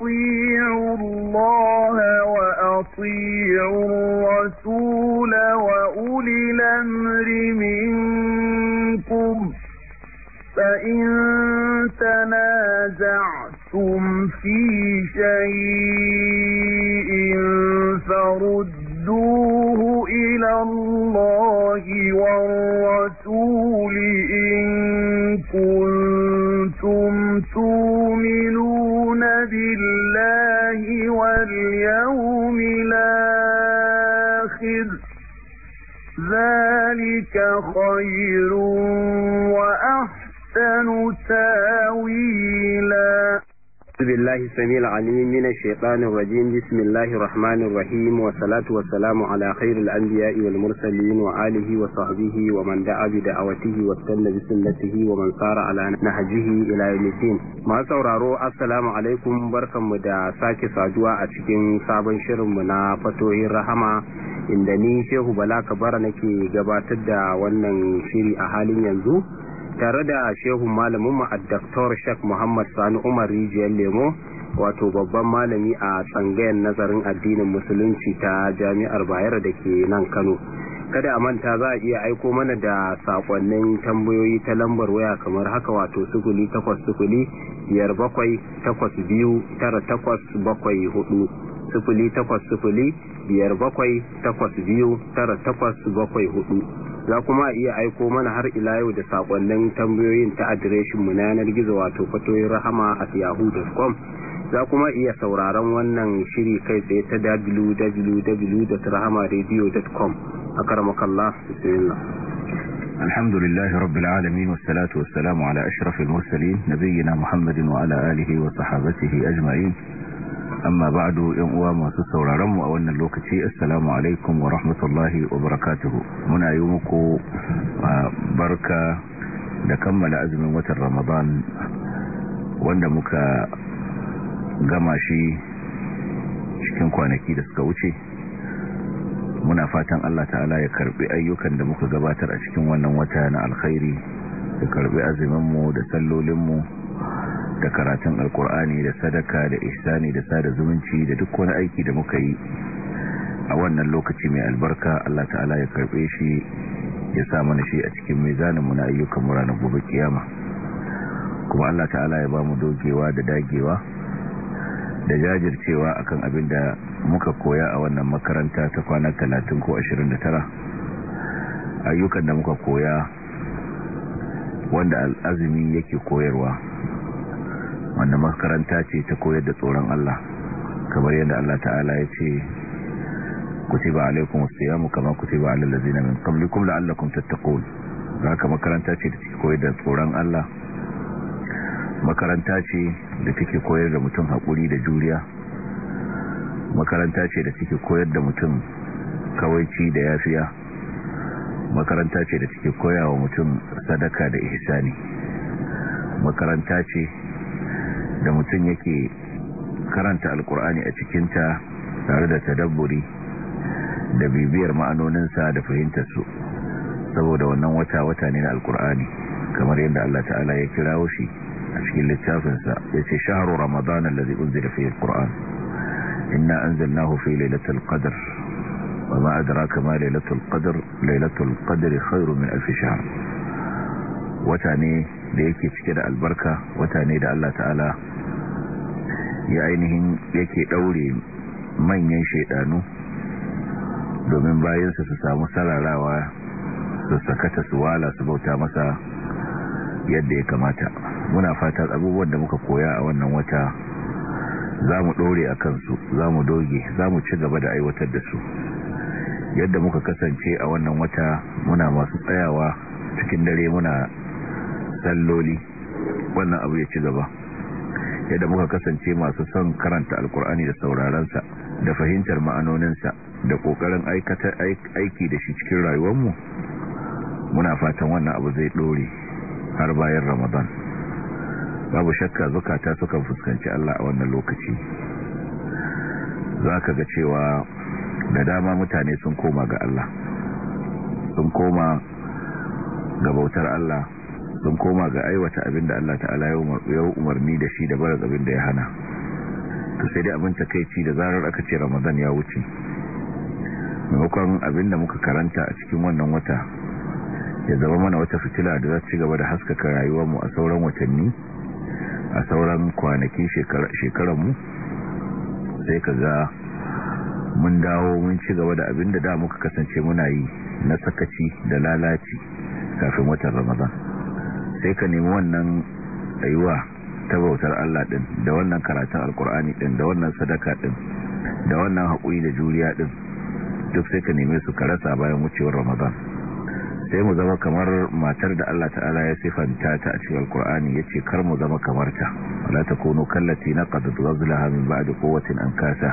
أطيعوا اللَّهَ وَأَطِيعُوا الرَّسُولَ وَأُولِي الْأَمْرِ مِنكُمْ فَإِن تَنَازَعْتُمْ فِي شَيْءٍ فَرُدُّوهُ إِلَى اللَّهِ وَالرَّسُولِ إِن كُنتُمْ تُؤْمِنُونَ واليوم الآخر ذلك خير وأحسن تاويلاً billahi samil alim min ash-shaytan ar-rajim bismillahir rahmanir rahim wa salatu wa salamu ala khairil anbiya wal mursalin wa alihi sauraro assalamu alaikum barkanmu da sake saduwa a cikin sabon shirin mu na fatohin rahama inda ni shehu bala kabara nake gabatar da wannan shiri a halin yanzu tare da shehun malamin mu addaktor shek muhammad sani umar rijiyar lemo wato babban malami a tsangayar nazarin addinin musulunci ta jami'ar bayar da ke nan kano kada a manta za a iya aiko mana da sakonnin tambayoyi ta lambar waya kamar haka wato sukuli takwas sukuli biyar bakwai takwas biyu tara takwas bakwai hudu sukuli takwas sukuli biyar bakwai takwas biyu tara takwas bakwai hudu za kuma iya aiko mana har ila yau da sakonnin tambayoyin ta adireshin mu na yanar gizo wato fatoyin rahama at yahoo.com za kuma iya sauraron wannan shiri kai tsaye ta www.rahamaradio.com a karamakallah bismillah الحمد لله رب العالمين والصلاة والسلام على أشرف المرسلين نبينا محمد وعلى آله وصحابته أجمعين amma ba'du yan uwa masu sauraron mu a wannan lokaci assalamu alaikum wa rahmatullahi wa barakatuhu muna yi muku barka da kammala azumin watan ramadan wanda muka gama shi cikin kwanaki da suka wuce muna fatan Allah ta'ala ya karbi ayyukan da muka gabatar a cikin wannan wata na alkhairi ya karbi azumin mu da sallolin mu da karatun alkur'ani da sadaka da ihsani da sada zumunci da duk wani aiki da muka yi a wannan lokaci mai albarka Allah ta'ala ya karbe shi ya sa mana shi a cikin mizanin mu na ayyukan mu ranar gobe kiyama kuma Allah ta'ala ya bamu dogewa da dagewa da jajircewa akan abin da muka koya a wannan makaranta ta kwana 30 ko 29 ayyukan da muka koya wanda al'azumi yake koyarwa wanda makaranta ce ta koyar da tsoron Allah kamar yadda Allah ta'ala ya ce kutiba alaikum as ku kama kutiba alal ladina min qablikum la'allakum tattaqun haka makaranta ce da take koyar da tsoron Allah makaranta ce da take koyar da mutum haƙuri da juriya makaranta ce da take koyar da mutum kawaici da yafiya makaranta ce da take koyawa mutum sadaka da ihsani makaranta ce da mutum yake karanta alkur'ani a cikinta tare da tadabburi da bibiyar ma'anoninsa da fahimtar su saboda wannan wata-wata ne na alkur'ani kamar yadda Allah ta'ala ya kira shi a cikin littafinsa ya ce shaharu ramadan allazi unzila fihi alquran inna anzalnahu fi lailatul qadr wa ma adraka ma lailatul qadr lailatul qadr khairu min alf shahr wata ne da yake cike da albarka wata ne da Allah ta'ala ya ainihin yake daure manyan shaidanu domin bayansa su samu sararawa su sakata su wala su bauta masa yadda ya kamata muna fatan abubuwan da muka koya a wannan wata za mu ɗore a kansu za mu doge za mu ci gaba da aiwatar da su yadda muka kasance a wannan wata muna masu tsayawa cikin dare muna salloli wannan abu ya ci gaba yadda muka kasance masu son karanta alkur'ani da saurarensa da fahimtar ma'anoninsa da kokarin aiki da shi cikin rayuwarmu muna fatan wannan abu zai dore har bayan ramadan babu shakka zukata suka fuskanci allah a wannan lokaci za ka ga cewa da dama mutane sun koma ga allah sun koma ga bautar allah sun koma ga aiwata abin da Allah ta'ala ya umarni da shi da barar abin da ya hana to sai dai abin takeici da zarar aka ce ramadan ya wuce maimakon abin da muka karanta a cikin wannan wata ya zama mana wata fitila da za ci gaba da haskaka rayuwarmu a sauran watanni a sauran kwanaki shekaranmu sai ka ga mun dawo mun ci gaba da abin da da muka kasance muna yi na sakaci da lalaci kafin watan ramadan sai ka nemi wannan aiwa ta bautar Allah din da wannan karatun alkur'ani din da wannan sadaka din da wannan haƙuri da juriya din duk sai ka nemi su ka rasa bayan wucewar ramadan sai mu zama kamar matar da Allah ta'ala ya sifanta ta a cikin alkur'ani yace kar mu zama kamar ta wala takunu kallati naqad ghazlaha min ba'di quwwatin ankasa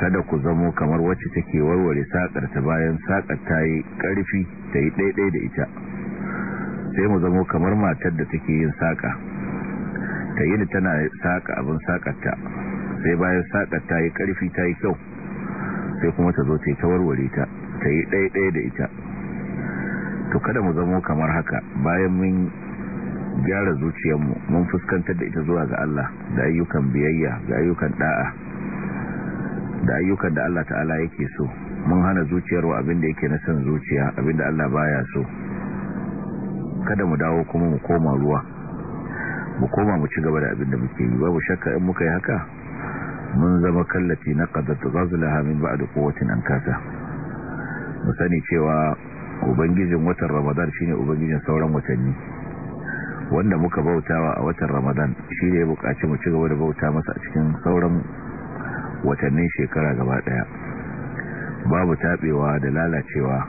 kada ku zamo kamar wacce take warware sakar ta bayan sakar ta yi karfi ta yi daidai da ita sai mu zamo kamar matar da take yin saka ta yi tana saka abin ta sai bayan sakarta yi karfi ta yi kyau sai kuma ta zo ta warware ta ta yi ɗaiɗaya da ita to kada mu zamo kamar haka bayan mun gyara zuciyarmu mun fuskantar da ita zuwa ga Allah da ayyukan biyayya ga ayyukan da'a da ayyukan da Allah ta'ala yake so mun hana zuciyar wa abin da yake na son zuciya abin da Allah baya so kada mu dawo kuma mu koma ruwa mu koma mu ci gaba da abin da muke yi babu shakka in muka yi haka mun zama kallafi na qaddat ghazlaha min ba'd quwwatin ankasa mu sani cewa ubangijin watan ramadan shine ubangijin sauran watanni wanda muka bautawa a watan ramadan shi ne ya buƙaci mu ci gaba da bauta masa a cikin sauran watannin shekara gaba ɗaya babu taɓewa da lalacewa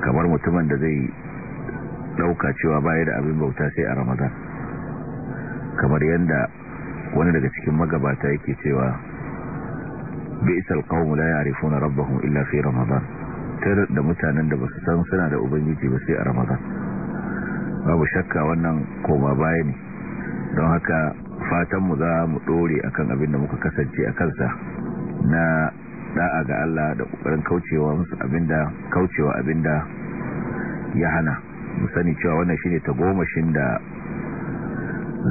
kamar mutumin da zai dauka cewa baya da abin bauta sai a ramadan kamar yadda wani daga cikin magabata yake cewa bi'sal qawmu la ya'rifuna rabbahum illa fi ramadan tare da mutanen da basu san suna da ubangiji ba sai a ramadan babu shakka wannan koma baya ne don haka fatan mu za mu dore akan abin da muka kasance a kansa na da'a ga Allah da kokarin kaucewa musu abinda kaucewa abinda ya hana mu sani cewa wannan shine tagomashin da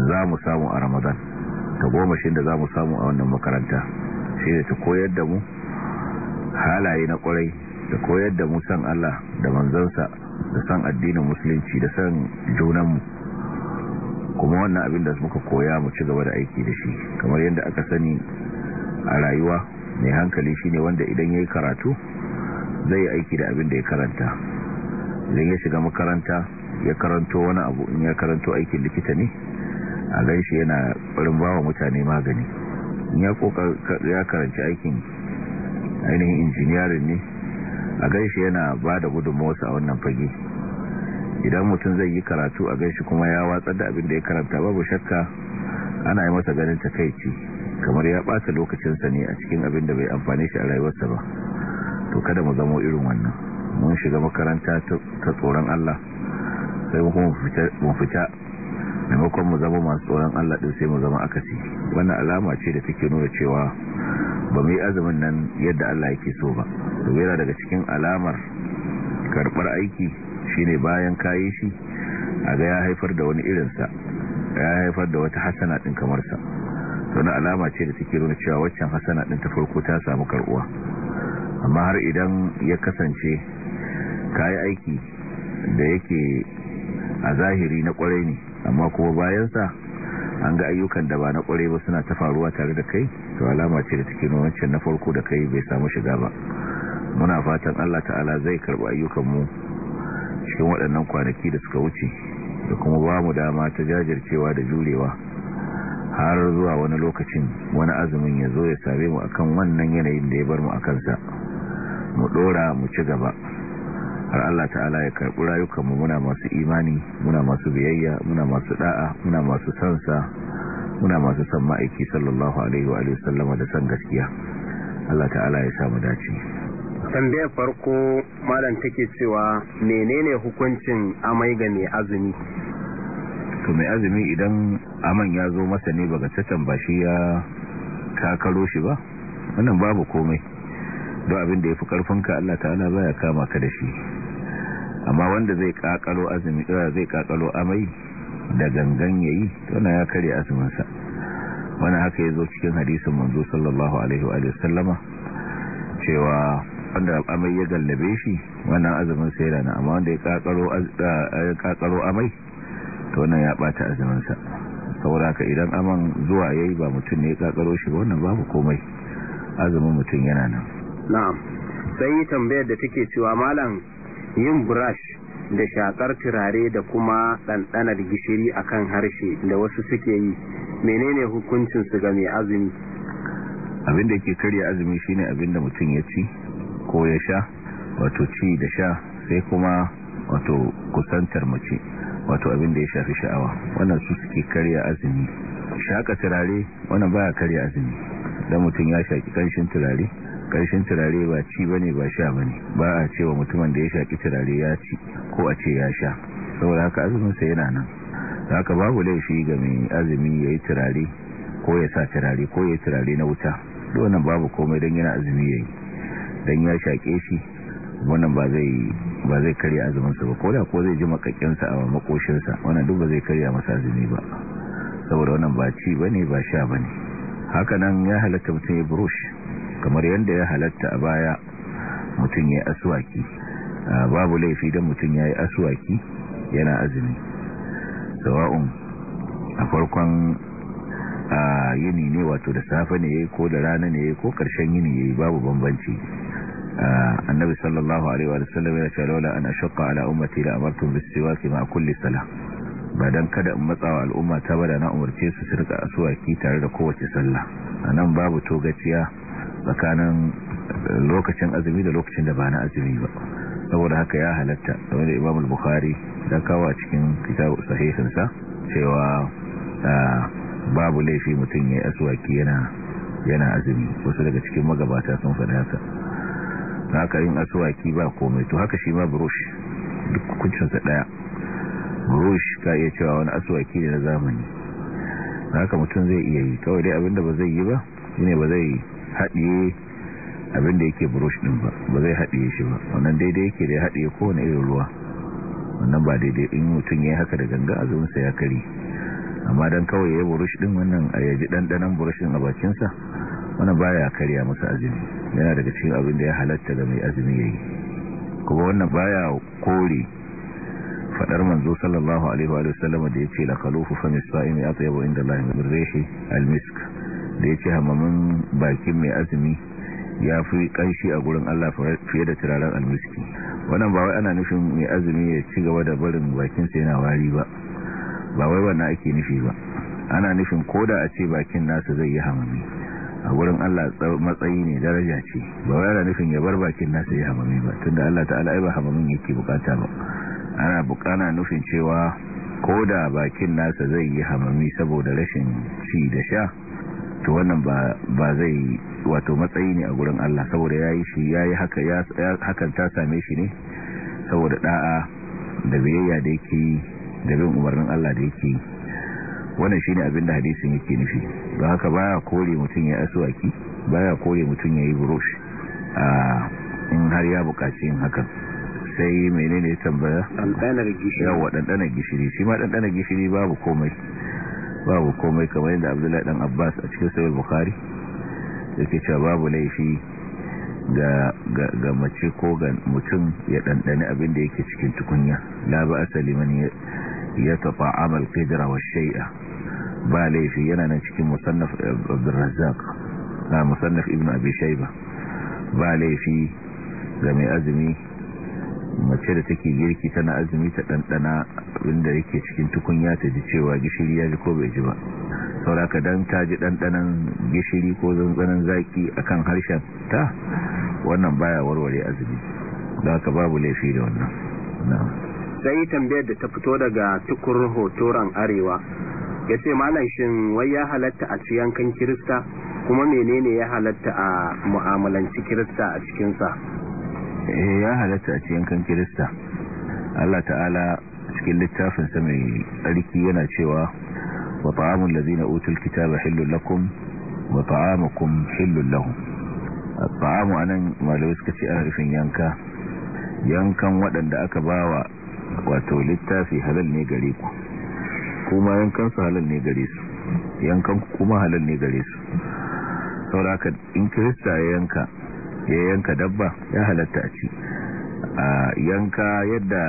za mu samu a ramadan ta tagomashin da za mu samu a wannan makaranta shine ta koyar da mu halaye na kwarai da koyar da mu san Allah da manzansa da san addinin musulunci da san junanmu kuma wannan abin da muka koya mu ci gaba da aiki da shi kamar yadda aka sani a rayuwa mai hankali shine wanda idan ya yi karatu zai yi aiki da abin da ya karanta idan ya shiga makaranta ya karanto wani abu in ya karanto aikin likita ne a gaishe yana barin bawa mutane magani in ya ya karanci aikin ainihin injiniyarin ne a gaishe yana ba da gudunmawarsa a wannan fage idan mutum zai yi karatu a gaishe kuma ya watsar da abin da ya karanta babu shakka ana yi masa ganin takaici kamar ya ɓata lokacinsa ne a cikin abin da bai amfani shi a rayuwarsa ba to kada mu zamo irin wannan mun shiga makaranta ta tsoron Allah sai kuma mu fita maimakon mu zama masu tsoron Allah din sai mu zama akasi wannan alama ce da take nuna cewa ba mu yi azumin nan yadda Allah yake so ba to yana daga cikin alamar karbar aiki shine bayan kayi shi a ga ya haifar da wani irinsa ya haifar da wata hasana din kamar sa wani alama ce da take nuna cewa waccan hasana din ta farko ta samu karbuwa amma har idan ya kasance kayi aiki da yake a zahiri na kwarai ne amma kuma bayan sa an ga ayyukan da ba na kwarai ba suna ta faruwa tare da kai to alama ce da take wancan na farko da kai bai samu shiga ba muna fatan Allah ta'ala zai karba mu cikin waɗannan kwanaki da suka wuce da kuma ba mu dama ta jajircewa da jurewa har zuwa wani lokacin wani azumin ya zo ya same mu akan wannan yanayin da ya bar mu a kansa mu dora mu ci gaba har Allah ta'ala ya karɓi rayukanmu muna masu imani muna masu biyayya muna masu da'a muna masu sansa muna masu san ma'aiki sallallahu alaihi wa sallama da san gaskiya Allah ta'ala ya samu dace tambayar farko malam take cewa menene hukuncin amai ga mai azumi to mai azumi idan aman ya zo masa ne baga tatan ba shi ya kakaro shi ba wannan babu komai don abin da ya fi karfinka Allah ta'ala ya kama ka da shi amma wanda zai kakalo azumi eh, zai kakalo amai da gangan ya yi ya kare azuminsa wani haka ya zo cikin hadisin manzo sallallahu alaihi wa sallama cewa wanda amai ya gallabe shi wannan azumin sai rana amma wanda ya kakaro eh, amai to ya bata azuminsa saboda haka idan aman zuwa yayi ba mutum ne ya kakaro shi wannan babu komai azumin mutum yana nan na'am sai tambayar da take cewa malam yin brush da shakar turare da kuma ɗanɗanar gishiri a kan harshe da wasu suke yi menene hukuncin su ga mai azumi abin ke karya azumi shine abin da mutum ya ci ko ya sha wato ci da sha sai kuma wato kusantar mace wato abin ya shafi sha'awa wannan su suke karya azumi shaka turare wannan baya karya azumi don mutum ya shaki kanshin turare karshen turare ba ci bane ba sha bane ba a cewa mutumin da ya shaki turare ya ci ko a ce ya sha saboda haka azuminsa yana nan haka babu laifi ga mai azumi yi turare ko ya sa turare ko ya yi turare na wuta wannan babu komai dan yana azumi ya yi don ya shake shi wannan ba zai karya azuminsa ba ko da ko zai ji makakkin sa a makoshinsa wannan duk ba zai karya masa azumi ba saboda wannan ba ci bane ba sha bane haka nan ya halatta mutum ya burushi kamar yadda ya halatta a baya mutum ya yi aswaki babu laifi don mutum ya yi aswaki yana azumi sawa'un a farkon yini ne wato da safe ne ya ko da rana ne ko karshen yini ya yi babu bambanci annabi sallallahu alaihi wa sallam ya ce laula an ashqa ala ummati la amartu bis siwaki ma kulli salah ba dan kada in matsawa al'umma ta bada na umarce su su rika aswaki tare da kowace sallah a nan babu togaciya tsakanin lokacin azumi da lokacin da ba na azumi ba saboda haka ya halatta game da imamul bukhari da kawo a cikin kitabu sahihinsa cewa babu laifi mutum ya yi aswaki yana azumi wasu daga cikin magabata sun faɗi haka haka yin aswaki ba komai to haka shi ma burush duk kuncinsa ɗaya burush ka iya cewa wani aswaki ne na zamani haka mutum zai iya yi kawai dai abinda ba zai yi ba shi ne ba zai haɗiye abinda yake brush din ba ba zai haɗiye shi ba wannan daidai yake da ya haɗiye kowane irin ruwa wannan ba daidai in mutum ya haka da ganga a zuwansa ya kari amma don kawai ya yi burush din wannan a yaji brush burushin a bakinsa wannan ba ya karya masa azumi yana daga cikin abin da ya halatta da mai azumi ya yi kuma wannan ba ya kore faɗar manzo sallallahu alaihi wa sallam da ya ce la kalufu fa misfa'imi atyabu inda Allah min rihi al-misk da ya ce hamamin bakin mai azumi ya fi ƙanshi a gurin Allah fiye da turaren almiski wannan ba wai ana nufin mai azumi ya ci gaba da barin bakinsa yana wari ba ba wai wannan ake nufi ba ana nufin koda a ce bakin nasa zai yi hamami a gurin Allah matsayi ne daraja ce ba wai ana nufin ya bar bakin nasa ya hamami ba tunda Allah ta'ala ba hamamin yake bukata ba ana bukana nufin cewa koda bakin nasa zai yi hamami saboda rashin ci da sha to wannan ba zai wato matsayi ne a gurin Allah saboda yayi shi yayi haka hakan ta same shi ne saboda da'a da biyayya da yake da bin umarnin Allah da yake wannan shine abin da hadisin yake nufi don haka baya kore mutum ya aswaki baya kore mutum ya yi burosh in har ya bukaci yin hakan sai menene ya tambaya ɗanɗanar gishiri yawa ɗanɗanar gishiri shi ma ɗanɗanar gishiri babu komai babu komai kamar yadda abdullahi dan abbas a cikin sayar bukari yake cewa babu laifi ga mace ko ga mutum ya ɗanɗani abin da yake cikin tukunya la ba asali man ya tafa amal qidra wa shay'a ba laifi yana nan cikin musannaf abdurrazzaq na musannaf ibnu abi shayba ba laifi ga mai azumi mace da take girki tana azumi ta ɗanɗana abinda yake cikin tukunya ta ji cewa gishiri ya ji ko bai ji ba sauraka don ta ji ɗanɗanan gishiri ko zanzanan zaki akan harshen ta wannan baya warware azumi da haka babu laifi da wannan sai tambayar da ta fito daga tukur turan arewa ya ce malashin wai ya halatta a ci yankan kirista kuma menene ya halatta a mu'amalanci kirista a cikinsa Eh, ya halatta a cikin kan kirista Allah ta'ala cikin littafin sa mai tsarki yana cewa wa ta'amul ladina utul kitaba halal lakum wa ta'amukum halal lahum ta'amu anan malamai suka ce arifin yanka yankan waɗanda aka bawa wato littafi halal ne gare ku kuma yankan su halal ne gare su yankan kuma halal ne gare su saboda in kirista ya yanka ya yanka dabba ya halatta a ci a yanka yadda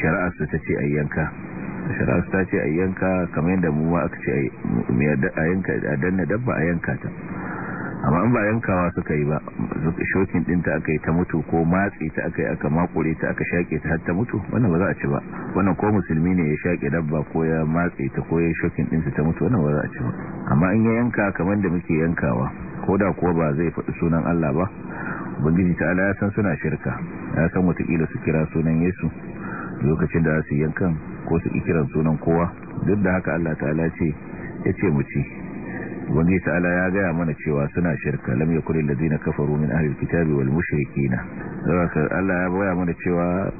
shari'arsa ta ce a yanka shari'arsa ta ce a yanka kamar yadda mu ma aka ce a a danna dabba a yanka ta amma an ba yankawa suka yi ba shokin dinta aka yi ta mutu ko matsi ta aka yi aka makure ta aka shaƙe ta har ta mutu wannan ba za a ci ba wannan ko musulmi ne ya shaƙe dabba ko ya matsi ta ko ya shokin dinta ta mutu wannan ba za a ci ba amma in ya yanka kamar da muke yankawa ko da kuwa ba zai faɗi sunan Allah ba ubangiji ta ala ya san suna shirka ya san watakila su kira sunan yesu lokacin da su yankan ko su kiran sunan kowa duk da haka Allah ta'ala ce ya ce mu ci ubangiji ta'ala ya gaya mana cewa suna shirka lam yakul ladina kafaru min ahli alkitabi wal mushrikina saboda Allah ya baya mana cewa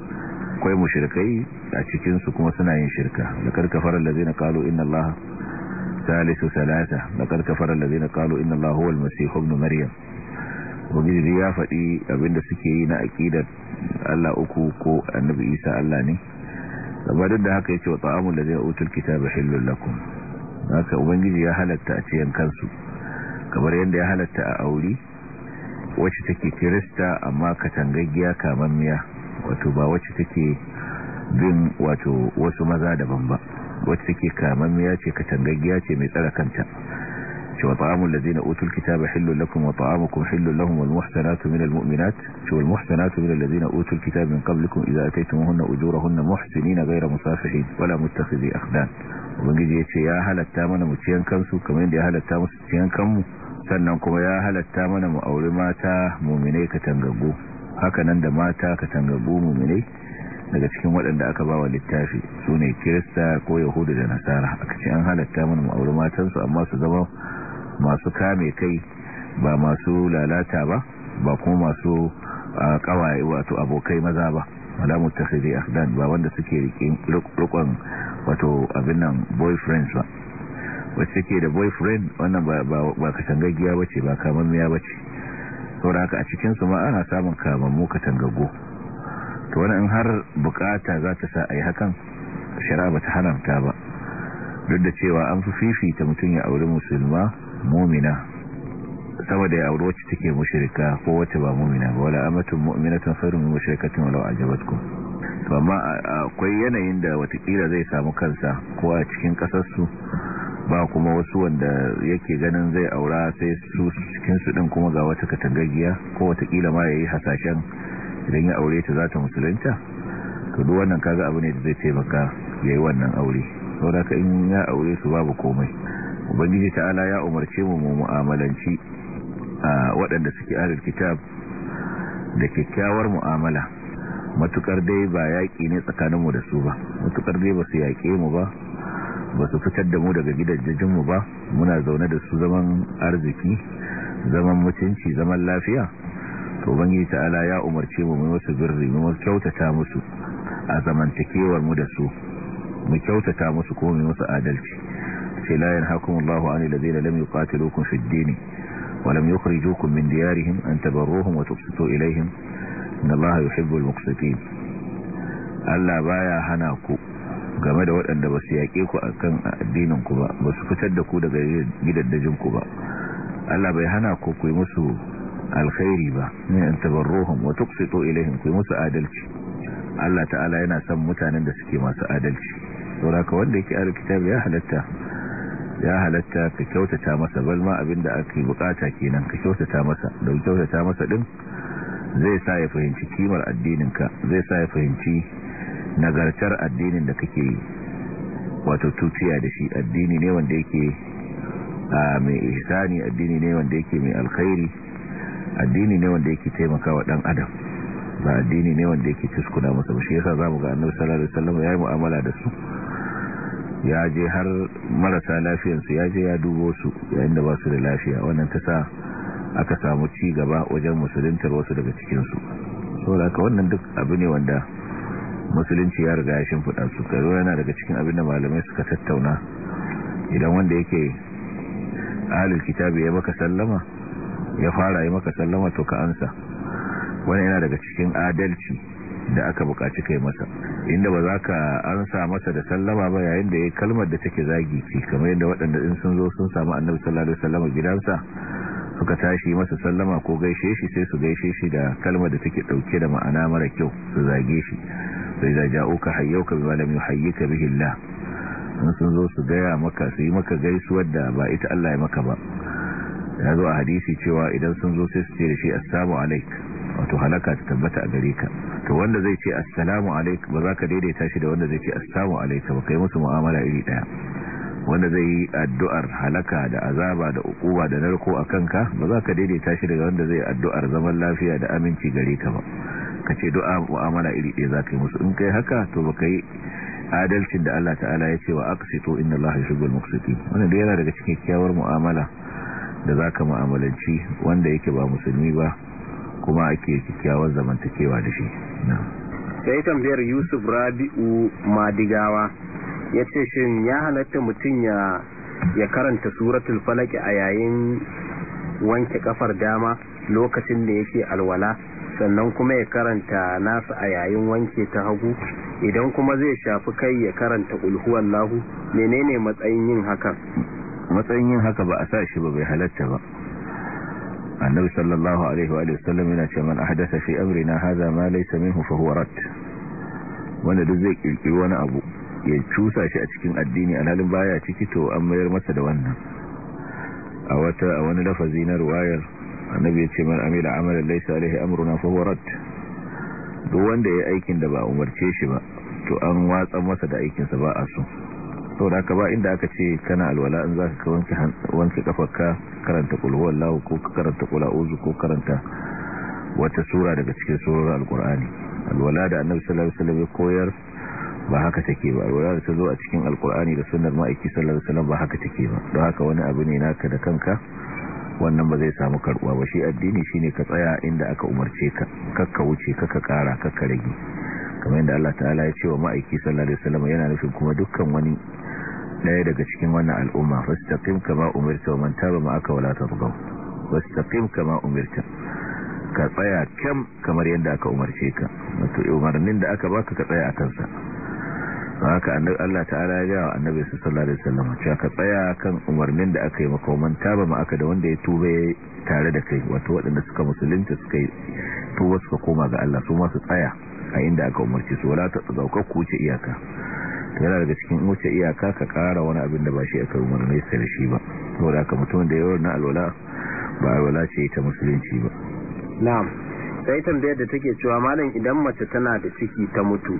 akwai mushrikai a cikinsu kuma suna yin shirka da lakar kafaran ladina qalu inna Allah الثالث ثلاثة لقد كفر الذين قالوا إن الله هو المسيح ابن مريم ubangiji ya faɗi abinda suke yi na aƙidar Allah uku ko annabi Isa Allah ne gabatar da haka yace wa ta'amul ladzi ba kitaba halal lakum haka ubangiji ya halatta a cikin kansu kamar yadda ya halatta a aure wacce take kirista amma katangaggiya kamammiya wato ba wacce take bin wato wasu maza daban ba wacce take kamammiya ce katangaggiya ce mai tsara kanta ce wa ta'amul ladina utul kitaba hillul lakum wa ta'amukum hillul lahum wal muhsanatu al mu'minat ce wal muhsanatu minal ladina utul kitaba min qablikum idza ataytumuhunna ujurahunna muhsinina ghayra musafihin wala muttakhidhi akhdan ubangiji yace ya halatta mana mu ciyan kansu kamar yadda ya halatta musu ciyan kanmu sannan kuma ya halatta mana mu aure mata mu'minai katangaggu haka nan da mata katangaggu mu'minai daga cikin waɗanda aka ba wa littafi su ne kirista ko yahudu da nasara aka ce an halatta mana ma'auri matansu amma su zama masu kame kai ba masu lalata ba ba kuma masu kawai wato abokai maza ba wala mutakhidhi ahdan ba wanda suke rikon wato abin nan boyfriends ba wacce ke da boyfriend wannan ba katangaggiya bace ba kamammiya bace saboda haka a cikin su ma ana samun kamammu katangago. to wani in har bukata za ta sa a yi hakan shara ba ta haramta ba duk da cewa an fi fifita mutum ya auri musulma mumina sama da ya auri wacce take mushirika ko wacce ba mumina ba wala amatun sauri mai min tun walau a to amma akwai yanayin da watakila zai samu kansa ko a cikin kasarsu ba kuma wasu wanda yake ganin zai aura sai su cikin su din kuma ga wata katangagiya ko watakila ma ya yi hasashen idan ya aure ta za ta musulunta to duk wannan kaga abu ne da zai taimaka ya yi wannan aure saboda ka in ya aure su babu komai ubangiji ta'ala ya umarce mu mu mu'amalanci waɗanda suke alil kitab da kyakkyawar mu'amala matukar dai ba yaƙi ne tsakaninmu da su ba matukar dai ba su yaƙe mu ba ba su fitar da mu daga gidajenmu ba muna zaune da su zaman arziki zaman mutunci zaman lafiya to ubangiji ta'ala ya umarce mu mu wasu birri mu kyautata musu a zamantakewar mu da su mu kyautata musu ko mu musu adalci sai la yanhakumullahu anil ladina lam yuqatilukum fid din wa lam yukhrijukum min diyarihim an tabarruhum wa tuqsitu ilayhim innallaha yuhibbul muqsitin Allah baya hana ku game da waɗanda ba su yaƙe ku akan addinin ku ba ba su fitar da ku daga gidaddajin ku ba Allah bai hana ku ku yi musu alkhairi ba ne an tabarruhum wa tuqsitu ku musu adalci Allah ta'ala yana son mutanen da suke masu adalci saboda wanda yake ahlul ya halatta ya halatta ka kyautata masa balma abinda ake bukata kenan ka kyautata masa da kyautata masa din zai sa ya fahimci kimar addininka zai sa ya fahimci nagartar addinin da kake yi wato tuciya da shi addini ne wanda yake ah, mai ihsani addini ne wanda yake mai alkhairi addini ne wanda yake taimakawa dan adam ba addini ne wanda yake cuskuna masa ba shi yasa zamu ga annabi sallallahu alaihi wasallam yayi mu'amala da su ya je har marasa lafiyar su ya je ya dubo su yayin da ba su da lafiya wannan ta sa aka samu ci gaba wajen musuluntar wasu daga cikin su saboda ka wannan duk abu ne wanda musulunci ya riga ya shimfiɗa su karo yana daga cikin abin da malamai suka tattauna idan wanda yake ahlul kitabi ya baka sallama ya fara yi maka sallama to ka ansa wani yana daga cikin adalci da aka bukaci kai masa inda ba za ka ansa masa da sallama ba yayin da ya kalmar da take zagi ce kamar yadda waɗanda in sun zo sun samu annabi sallallahu alaihi wasallam gidansa suka tashi masa sallama ko gaishe shi sai su gaishe shi da kalmar da take dauke da ma'ana mara kyau su zage shi sai da ja'uka hayyuka bima lam yuhayyika bihi Allah sun zo su gaya maka su yi maka gaisuwar da ba ita Allah ya maka ba ya zo a hadisi cewa idan sun zo sai su ce da shi assalamu alaik wato halaka ta tabbata a gare ka to wanda zai ce assalamu alai ba za ka daidaita shi da wanda zai ce assalamu alaik ba kai musu mu'amala iri daya wanda zai yi addu'ar halaka da azaba da ukuba da narko a kanka ba za ka daidaita shi daga wanda zai addu'ar zaman lafiya da aminci gare ka ba ka ce du'a mu'amala iri ɗaya za ka yi musu in kai haka to ba ka yi adalcin da Allah ta'ala ya ce wa aqsitu inna Allah yuhibbul muqsitin wannan da yana daga cikin kyawar mu'amala da za ka ma'amalanci wanda yake ba musulmi ba kuma ake kyakkyawar zamantakewa da shi sai tambayar yusuf rabi'u madigawa ya ce shin ya halatta mutum ya karanta suratul falaki a yayin wanke kafar dama lokacin da yake alwala sannan kuma ya karanta nasa a yayin wanke ta hagu idan kuma zai shafi kai ya karanta ulhuwan lahu menene matsayin yin hakan matsayin yin haka ba a sa shi ba bai halatta ba annabi sallallahu alaihi wa sallam yana ce man ahdatha fi amrina hadha ma laysa minhu fa huwa rad wanda duk zai kirkiri wani abu ya cusa shi a cikin addini alhalin baya ciki to an mayar masa da wannan a wata a wani lafazi na ruwayar annabi ya ce man amila amalan laysa alaihi amruna fa huwa rad duk wanda ya aikin da ba umarce shi ba to an watsa masa da aikinsa ba a so saboda ka ba inda aka ce kana alwala in za ka wanke wanke ka karanta qul huwallahu ko karanta qul ko karanta wata sura daga cikin surar al'kur'ani alwala da annabi sallallahu alaihi wasallam ya koyar ba haka take ba alwala da ta zo a cikin al'kur'ani da sunnar ma'aiki sallallahu alaihi wasallam ba haka take ba don haka wani abu ne naka da kanka wannan ba zai samu karbuwa ba shi addini shine ka tsaya inda aka umarce ka kakka wuce kakka kara kakka rage kamar yadda Allah ta'ala ya ce wa ma'aiki sallallahu alaihi wasallam yana nufin kuma dukkan wani daya daga cikin wannan al'umma fastaqim kama umirta wa man taba ma'aka wala tadghaw fastaqim kama umirta ka tsaya kyam kamar yadda aka umarce ka wato umarnin da aka baka ka tsaya akan sa haka annabi Allah ta'ala ya ga annabi sallallahu alaihi wasallam cewa ka tsaya kan umarnin da aka yi maka man ba ma aka da wanda ya tuba tare da kai wato waɗanda suka musulunta suka yi tuba suka koma ga Allah su ma su tsaya a inda aka umarci su wala ta tsauka ku ce iyaka yana daga cikin wuce iyaka ka kara wani abin da ba shi aka umarni sai da shi ba saboda haka mutum da yawan na alwala ba alwala ce ta musulunci ba na'am sai tambayar da take cewa malam idan mace tana da ciki ta mutu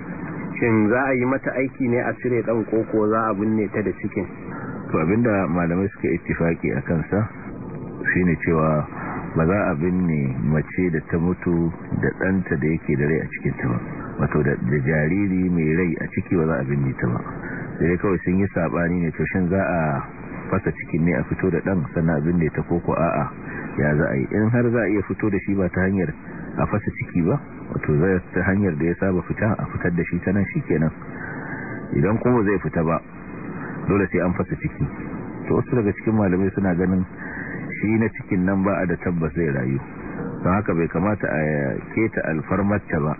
shin za a yi mata aiki ne a cire dan koko za a binne ta da cikin to abinda malamai suka ittifaki a kansa shine cewa ba za a binne mace da ta mutu da danta da yake da rai a cikin ta ba wato da jariri mai rai a ciki ba za a binne ta ba sai kawai sun yi sabani ne to shin za a fasa cikin ne a fito da dan sannan abin da ta koko a'a ya za a yi in har za a iya fito da shi ba ta hanyar a fasa ciki ba wato zai ta hanyar da ya saba fita a fitar da shi ta nan kenan idan kuma zai fita ba dole sai an fasa ciki to wasu daga cikin malamai suna ganin shi na cikin nan ba a da tabbas zai rayu don haka bai kamata a keta alfarmarta ba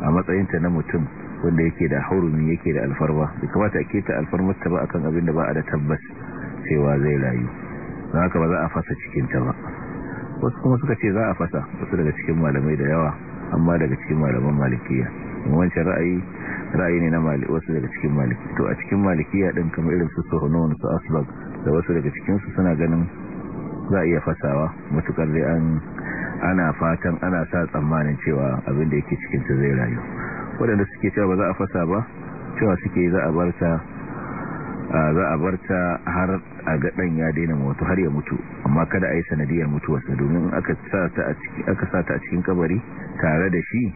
a matsayinta na mutum wanda yake da haurumi yake da alfarma bai kamata a keta alfarmarta ba akan abin da ba a da tabbas cewa zai rayu don haka ba za a fasa ta ba wasu kuma suka ce za a fasa wasu daga cikin malamai da yawa amma daga cikin malaman malikiya wancan ra'ayi ra'ayi ne na wasu daga cikin maliki to a cikin malikiya din kamar irin su sohonon su asbag da wasu daga cikin su suna ganin za a iya fasawa matukar da an ana fatan ana sa tsammanin cewa abinda da yake cikin ta zai rayu waɗanda suke cewa ba za a fasa ba cewa suke za za a barta har a ga dan ya daina mutu har ya mutu amma kada a yi sanadiyar mutuwarsa domin aka sa ta a cikin kabari tare da shi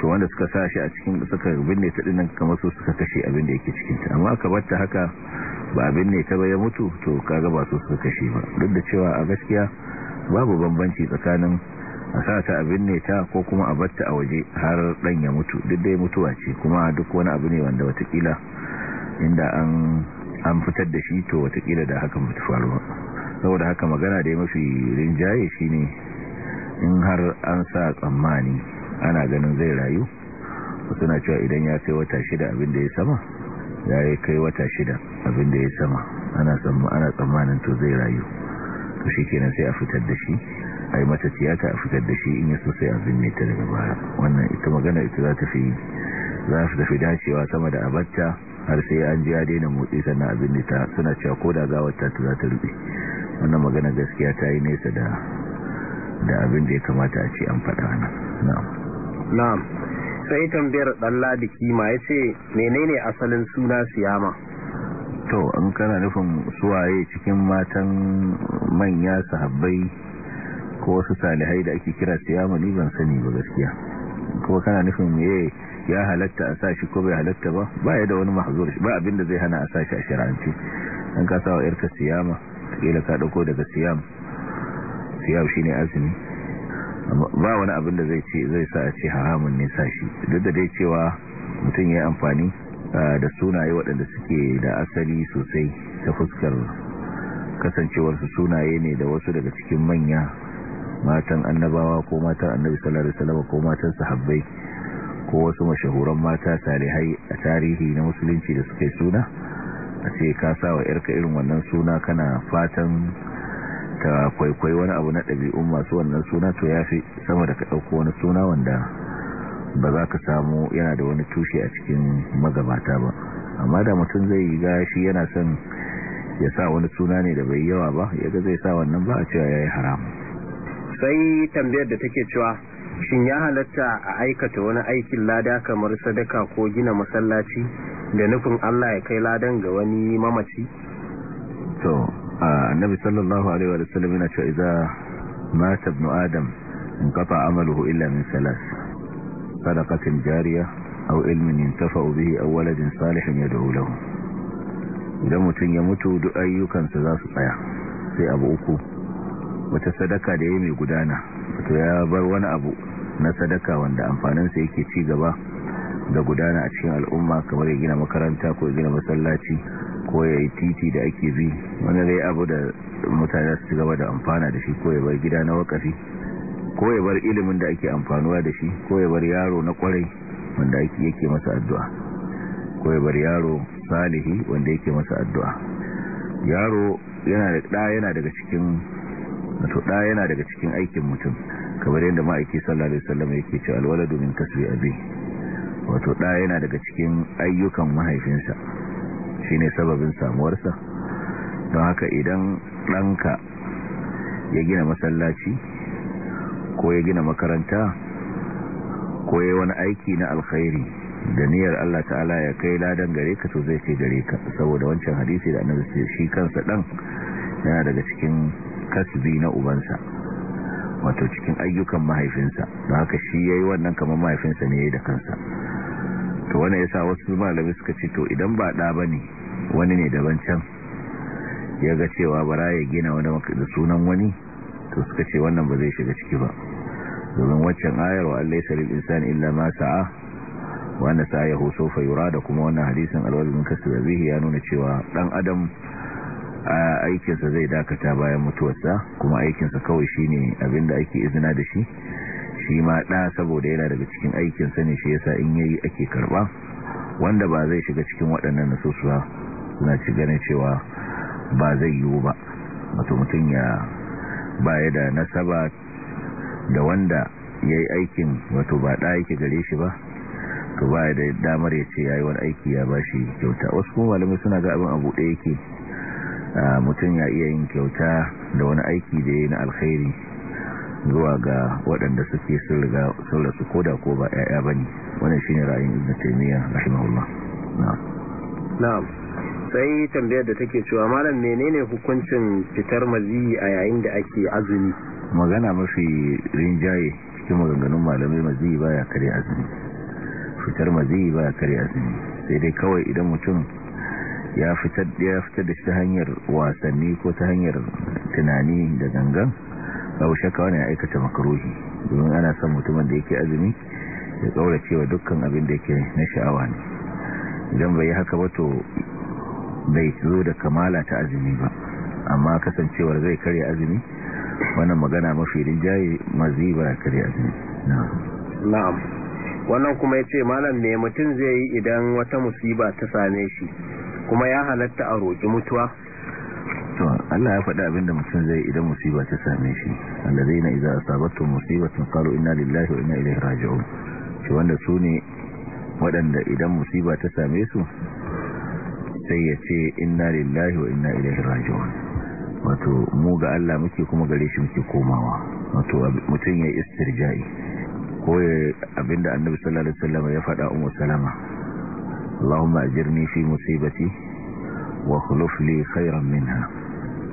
to wanda suka sa shi a cikin suka binne ta dinnan kamar su suka kashe abin da yake cikin ta amma aka batta haka ba binne ta ba ya mutu to kaga ba su suka kashe ba duk da cewa a gaskiya babu bambanci tsakanin a sa ta abin ne ta ko kuma a batta a waje har dan ya mutu duk da ya mutuwa ce kuma duk wani abu ne wanda watakila inda an an fitar da shi to watakila da haka mutu faru saboda haka magana da ya mafi rinjaye shi ne in har an sa tsammani ana ganin zai rayu suna cewa idan ya kai wata shida abinda ya sama ya yi kai wata shida abinda ya sama ana tsammanin to zai rayu to shi kenan sai a fitar da shi a yi mata tiyata a fitar da shi in yi sosai a zinne ta daga baya wannan ita magana ita za ta fi dacewa sama da abatta har sai an ji ya daina motsi sannan abin da ta suna cewa ko da gawar ta za ta rube wannan magana gaskiya ta yi nesa da da abin da ya kamata a ce an faɗa nan na'am sai tambayar dalla da kima yace menene asalin suna siyama to an kana nufin suwaye cikin matan manya sahabbai ko wasu salihai da ake kira siyama ni ban sani ba gaskiya kuma kana nufin me ya halatta a sashi ko bai halatta ba ba ya da wani mahzur ba abinda zai hana a sashi a shirance an ka sawa yarka siyama kila ka dauko daga siyam siyam shine azumi ba wani abinda zai ce zai sa a ce haramun ne sashi duk da dai cewa mutum ya amfani ah, da sunaye waɗanda suke da asali sosai ta fuskar kasancewarsu sunaye ne da wasu daga cikin manya matan annabawa ko matan annabi sallallahu alaihi wasallam ko matan sahabbai ko wasu mashahuran mata salihai a tarihi na musulunci da suka suna a ce ka sa wa yarka irin wannan suna kana fatan ta kwaikwai wani abu na ɗabi'un masu wannan suna to ya fi sama da ka ɗauko wani suna wanda ba za ka samu yana da wani tushe a cikin magabata ba amma da mutum zai yi gashi yana son ya sa wani suna ne da bai yawa ba ya ga zai sa wannan ba a cewa ya yi haramu sai tambayar da take cewa shin ya halatta a aikata wani aikin lada kamar sadaka ko gina masallaci da nufin Allah ya kai ladan ga wani mamaci to annabi sallallahu alaihi wa sallam yana cewa idza mata ibn adam inqata amaluhu illa min salas sadaqatin jariya, aw ilmin yantafa bihi aw waladin salihin yad'u lahu idan mutum ya mutu duk ayyukansa za su tsaya sai abu uku wata sadaka da ya mai gudana wato ya bar wani abu na sadaka wanda amfaninsa yake ci gaba da gudana a cikin al'umma kamar ya gina makaranta ko ya gina masallaci ko ya yi titi da ake bi wani rai abu da mutane su gaba da amfana da shi ko ya bar gida na wakafi ko ya bar ilimin da ake amfanuwa da shi ko ya bar yaro na kwarai wanda ake yake masa addu'a ko ya bar yaro salihi wanda yake masa addu'a yaro yana da ɗa yana daga cikin wato da yana daga cikin aikin mutum kamar yadda ma'aiki sallallahu alaihi wasallam yake cewa alwaladu min kasbi abi wato da yana daga cikin ayyukan mahaifinsa shine sababin samuwarsa don haka idan ɗanka ya gina masallaci ko ya gina makaranta ko ya wani aiki na alkhairi da niyyar Allah ta'ala ya kai ladan gare ka to zai kai gare ka saboda wancan hadisi da annabi shi kansa dan yana daga cikin kasbi na ubansa wato cikin ayyukan mahaifinsa don haka shi ya yi wannan kamar mahaifinsa ne ya da kansa to wani ya sa wasu malami suka ce to idan ba ɗa ba ne wani ne daban can ya ga cewa bara ya gina wani da sunan wani to suka ce wannan ba zai shiga ciki ba domin waccan ayar wa allai salil insan illa ma sa'a wa sa ya hoso yurada da kuma wannan hadisin alwazin kasu da ya nuna cewa dan adam aikinsa zai dakata bayan mutuwarsa kuma aikinsa kawai shine abinda ake izina da shi shi ma da saboda yana daga cikin aikinsa ne shi yasa in yayi ake karba wanda ba zai shiga cikin waɗannan nasusuwa suna ci ganin cewa ba zai yiwu ba wato mutum ya baya da nasaba da wanda ya yi aikin wato ba ɗa yake gare shi ba to baya da damar ya ce ya yi wani aiki ya ba shi kyauta wasu kuma malamai suna ga abin abu ɗaya yake mutum ya iya yin kyauta da wani aiki da ya na alkhairi zuwa ga waɗanda suke sun riga su koda ko ba 'ya'ya ba ne wannan shine ra'ayin ibn taymiya rahimahullah na'am sai tambayar da take cewa malam menene hukuncin fitar mazi a yayin da ake azumi magana mafi rinjaye cikin maganganun malamai ba baya kare azumi fitar maziyi baya kare azumi sai dai kawai idan mutum ya fitar da shi ta hanyar wasanni ko ta hanyar tunani da gangan babu shakka wani aikata makarohi domin ana son mutumin da yake azumi ya tsaura cewa dukkan abin da yake na sha'awa ne idan bai yi haka ba to bai zo da kamala ta azumi ba amma kasancewar zai karya azumi wannan magana mafi rinjaye mazi ba karya azumi na'am wannan kuma ya ce malam ne mutum zai yi idan wata musiba ta same shi kuma ya halatta a roƙi mutuwa to Allah ya faɗi abinda mutum zai idan musiba ta same shi allazina idza asabatu musibatun qalu inna lillahi wa inna ilaihi raji'un shi wanda su ne waɗanda idan musiba ta same su sai ya ce inna lillahi wa inna ilaihi raji'un wato mu ga Allah muke kuma gare shi muke komawa wato mutum ya istirja'i ko abinda annabi sallallahu alaihi wasallam ya faɗa ummu salama اللهم أجرني في مصيبتي واخلف لي خيرا منها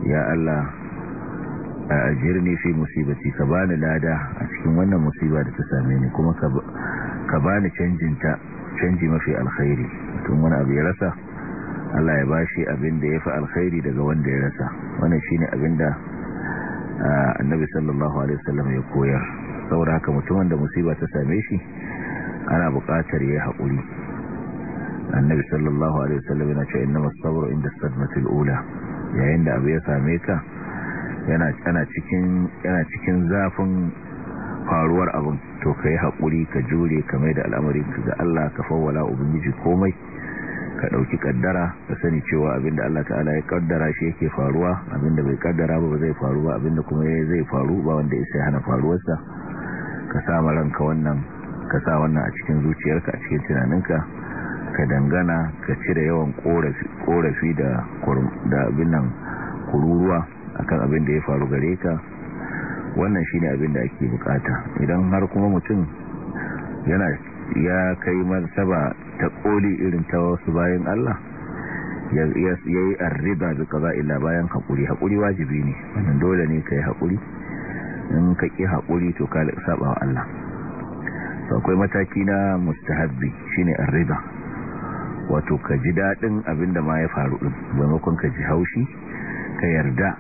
يا الله أجرني في مصيبتي كبان لادا أسكن وانا مصيبة تساميني كما كبان تشنجنت canji mafi alkhairi tun wani abu ya rasa Allah ya bashi abin da ya fi alkhairi daga wanda ya rasa wannan shine abin da annabi sallallahu alaihi wasallam ya koyar saboda haka mutum wanda musiba ta same shi ana buƙatar ya haƙuri annabi sallallahu alaihi wasallam yana cewa as-sabr inda al ula yayin da abu ya same ka yana kana cikin yana cikin zafin faruwar abin to kai hakuri ka jure ka mai da al'amarin ka ga Allah ka fawwala ubangiji komai ka dauki kaddara ka sani cewa abinda Allah ta'ala ya kaddara shi yake faruwa abinda bai kaddara ba zai faru ba abinda kuma zai faru ba wanda ya sai hana faruwarsa ka sa ma ranka wannan ka sa wannan a cikin zuciyarka a cikin tunaninka ka dangana ka cire yawan korafi da abin nan kururuwa akan abin da ya faru gare ka wannan shine abin da ake bukata idan har kuma mutum yana ya kai martaba ta koli irin ta wasu bayan Allah ya yi arriba bi kaza illa bayan haƙuri haƙuri wajibi ne wannan dole ne ka yi haƙuri in ka ƙi haƙuri to ka saba wa Allah akwai mataki na mustahabbi shine arriba wato ka ji daɗin abin da ma ya faru ɗin maimakon ka ji haushi ka yarda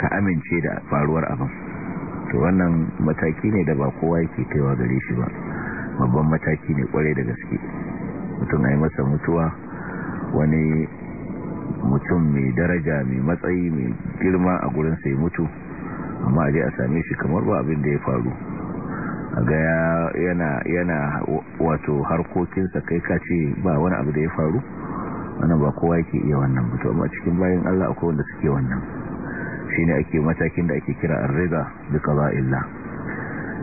ka amince da faruwar abin to wannan mataki ne da ba kowa yake kaiwa gare shi ba babban mataki ne kwarai da gaske mutum a yi masa mutuwa wani mutum mai daraja mai matsayi mai girma a gurin sai mutu amma a je a same shi kamar ba abin da ya faru ga yana yana wato harkokinsa kai kace ce ba wani abu da ya faru wannan ba kowa yake iya wannan ba to amma cikin bayan Allah akwai wanda suke wannan shine ake matakin da ake kira ar-rida bi qada'illah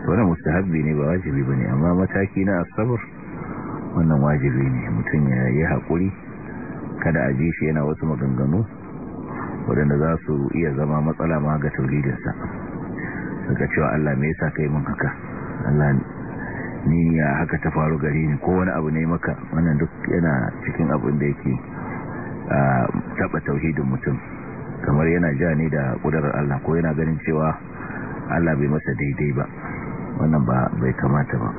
wannan mustahabbi ne ba wajibi bane amma mataki na asabar wannan wajibi ne mutum ya yi hakuri kada a ji shi yana wasu maganganu waɗanda za su iya zama matsala ma ga tauridinsa suka cewa Allah me yasa kai mun haka Allah ni ya haka ta faru gari ni ko wani abu ne maka wannan duk yana cikin abin da yake taba tauhidin mutum kamar yana ja ne da kudarar Allah ko yana ganin cewa Allah bai masa daidai ba wannan ba bai kamata ba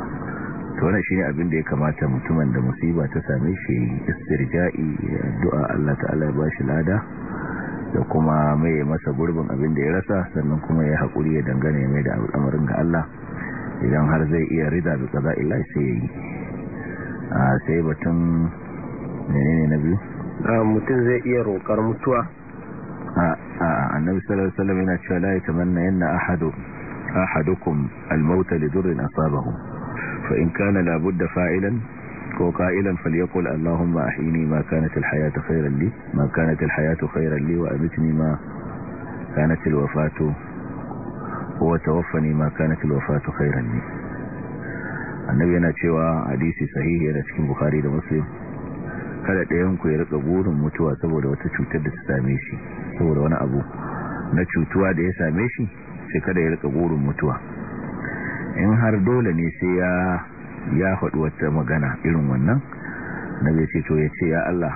to wannan shine abin da ya kamata mutumin da musiba ta same shi istirja'i addu'a Allah ta'ala ya bashi lada da kuma mai masa gurbin abin da ya rasa sannan kuma ya haƙuri ya dangane mai da al'amarin ga Allah idan har zai iya rida bi kaza illa sai yi a sai batun menene nabi biyu mutum zai iya rokar mutuwa a a annabi sallallahu alaihi wasallam yana cewa la yatamanna yanna ahadu ahadukum al-maut li durrin asabahu fa in kana la budda fa'ilan ko qa'ilan falyaqul allahumma ahini ma kanat al-hayatu khayran li ma kanat al-hayatu khayran li wa amitni ma kanat al-wafatu wa tawaffani ma kanat alwafatu khairan ni annabi yana cewa hadisi sahihi da cikin bukhari da muslim kada ɗayan ku ya rika burin mutuwa saboda wata cutar da ta same shi saboda wani abu na cutuwa da ya same shi sai kada ya rika burin mutuwa in har dole ne sai ya ya faɗi wata magana irin wannan na zai ce to ya ce ya Allah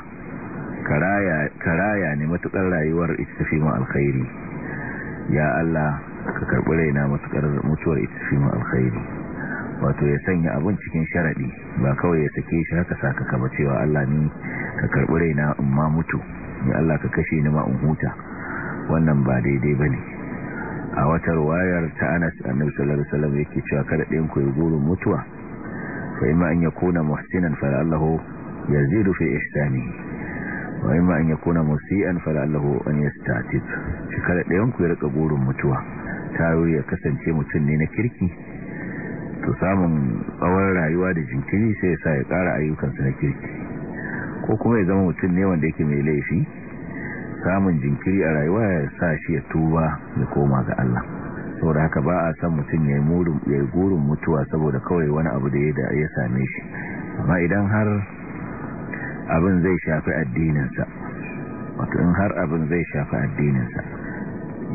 karaya ne matuƙar rayuwar istafi mu alkhairi ya Allah ka karɓi raina matuƙar mutuwar ita fi mu alkhairi wato ya sanya abin cikin sharaɗi ba kawai ya sake shi haka saka ka ba cewa Allah ni ka karɓi raina in ma mutu ni Allah ka kashe ni ma in huta wannan ba daidai ba ne a wata ruwayar ta anas annabi sallallahu alaihi wasallam yake cewa kada ɗayan ku yi burin mutuwa fa imma an yakuna muhsinan fa Allah yazidu fi ihsanihi wa imma an yakuna musian allahu an yastatib shi kada ɗayan ku ya rika burin mutuwa tayo ya kasance mutum ne na kirki to samun tsawon rayuwa da jinkiri sai ya sa ya ƙara ayyukansa na kirki ko kuma ya zama mutum ne wanda yake mai laifi samun jinkiri a rayuwa ya sa shi ya tuba ya koma ga Allah saboda haka ba a san mutum ya yi gurin mutuwa saboda kawai wani abu da ya same shi amma idan har abin zai shafi addininsa wato in har abin zai shafi addininsa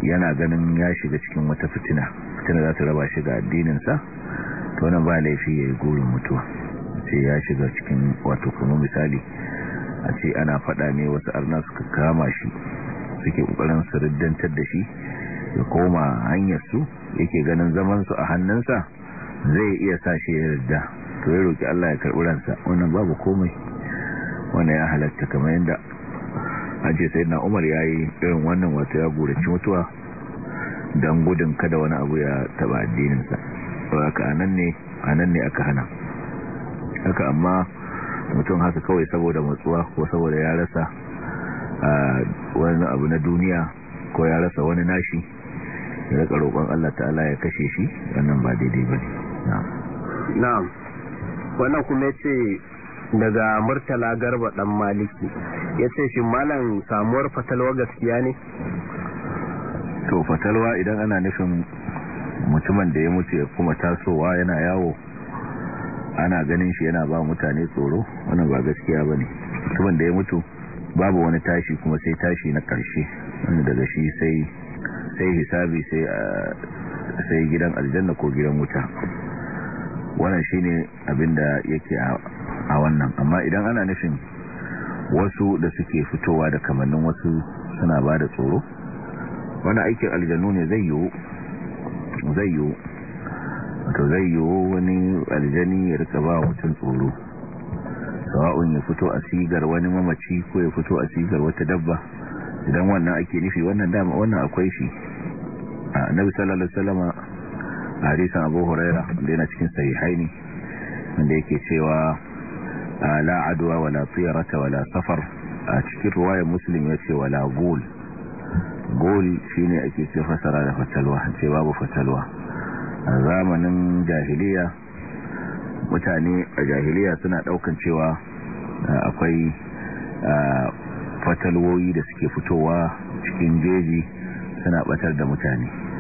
yana ganin ya shiga cikin wata fitina fitina za ta raba shi ga addininsa to nan ba laifi ya yi gurin mutuwa ce ya shiga cikin wato kuma misali a ce ana faɗa ne wasu arna suka kama shi suke kokarin su riddantar da shi ya koma hanyarsu yake ganin zamansu a hannunsa zai iya sa shi ya yarda to ya roƙi Allah ya karɓi ransa wannan babu komai wanda ya halatta kamar yadda ajiye sai na umar ya yi irin wannan wata ya gurace mutuwa don gudun kada wani abu ya taba addininsa ba a nan ne aka hana haka amma mutum haka kawai saboda matsuwa ko saboda ya rasa wani abu na duniya ko ya rasa wani nashi ya rika roƙon Allah ta'ala ya kashe shi wannan ba daidai ba ne na'am wannan kuma ce daga murtala garba dan maliki ya ce shi malam samuwar fatalwa gaskiya ne to fatalwa idan ana nufin mutumin da ya mutu ya kuma tasowa yana yawo ana ganin shi yana ba mutane tsoro wannan ba gaskiya ba ne mutumin da ya mutu babu wani tashi kuma sai tashi na ƙarshe wanda daga shi sai sai hisabi sai ah, sai gidan aljanna ko gidan wuta wannan shine abinda yake a wannan amma idan ana nufin wasu da suke fitowa da kamannin wasu suna ba da tsoro wani aikin aljanu ne zai yiwu zai yiwu wato zai yiwu wani aljani ya rika ba mutum tsoro sawa'un ya fito a sigar wani mamaci ko ya fito a sigar wata dabba idan wannan ake nufi wannan dama wannan akwai shi a nabi sallallahu salama a harisan abu huraira da yana cikin sahihaini wanda yake cewa la adwa wala tsirata wala safar a cikin ruwayar muslim ya ce wala gol gol shine ake ce fasara da fatalwa ce babu fatalwa a zamanin jahiliya mutane a jahiliya suna daukan cewa akwai fatalwoyi da suke fitowa cikin jeji suna batar da mutane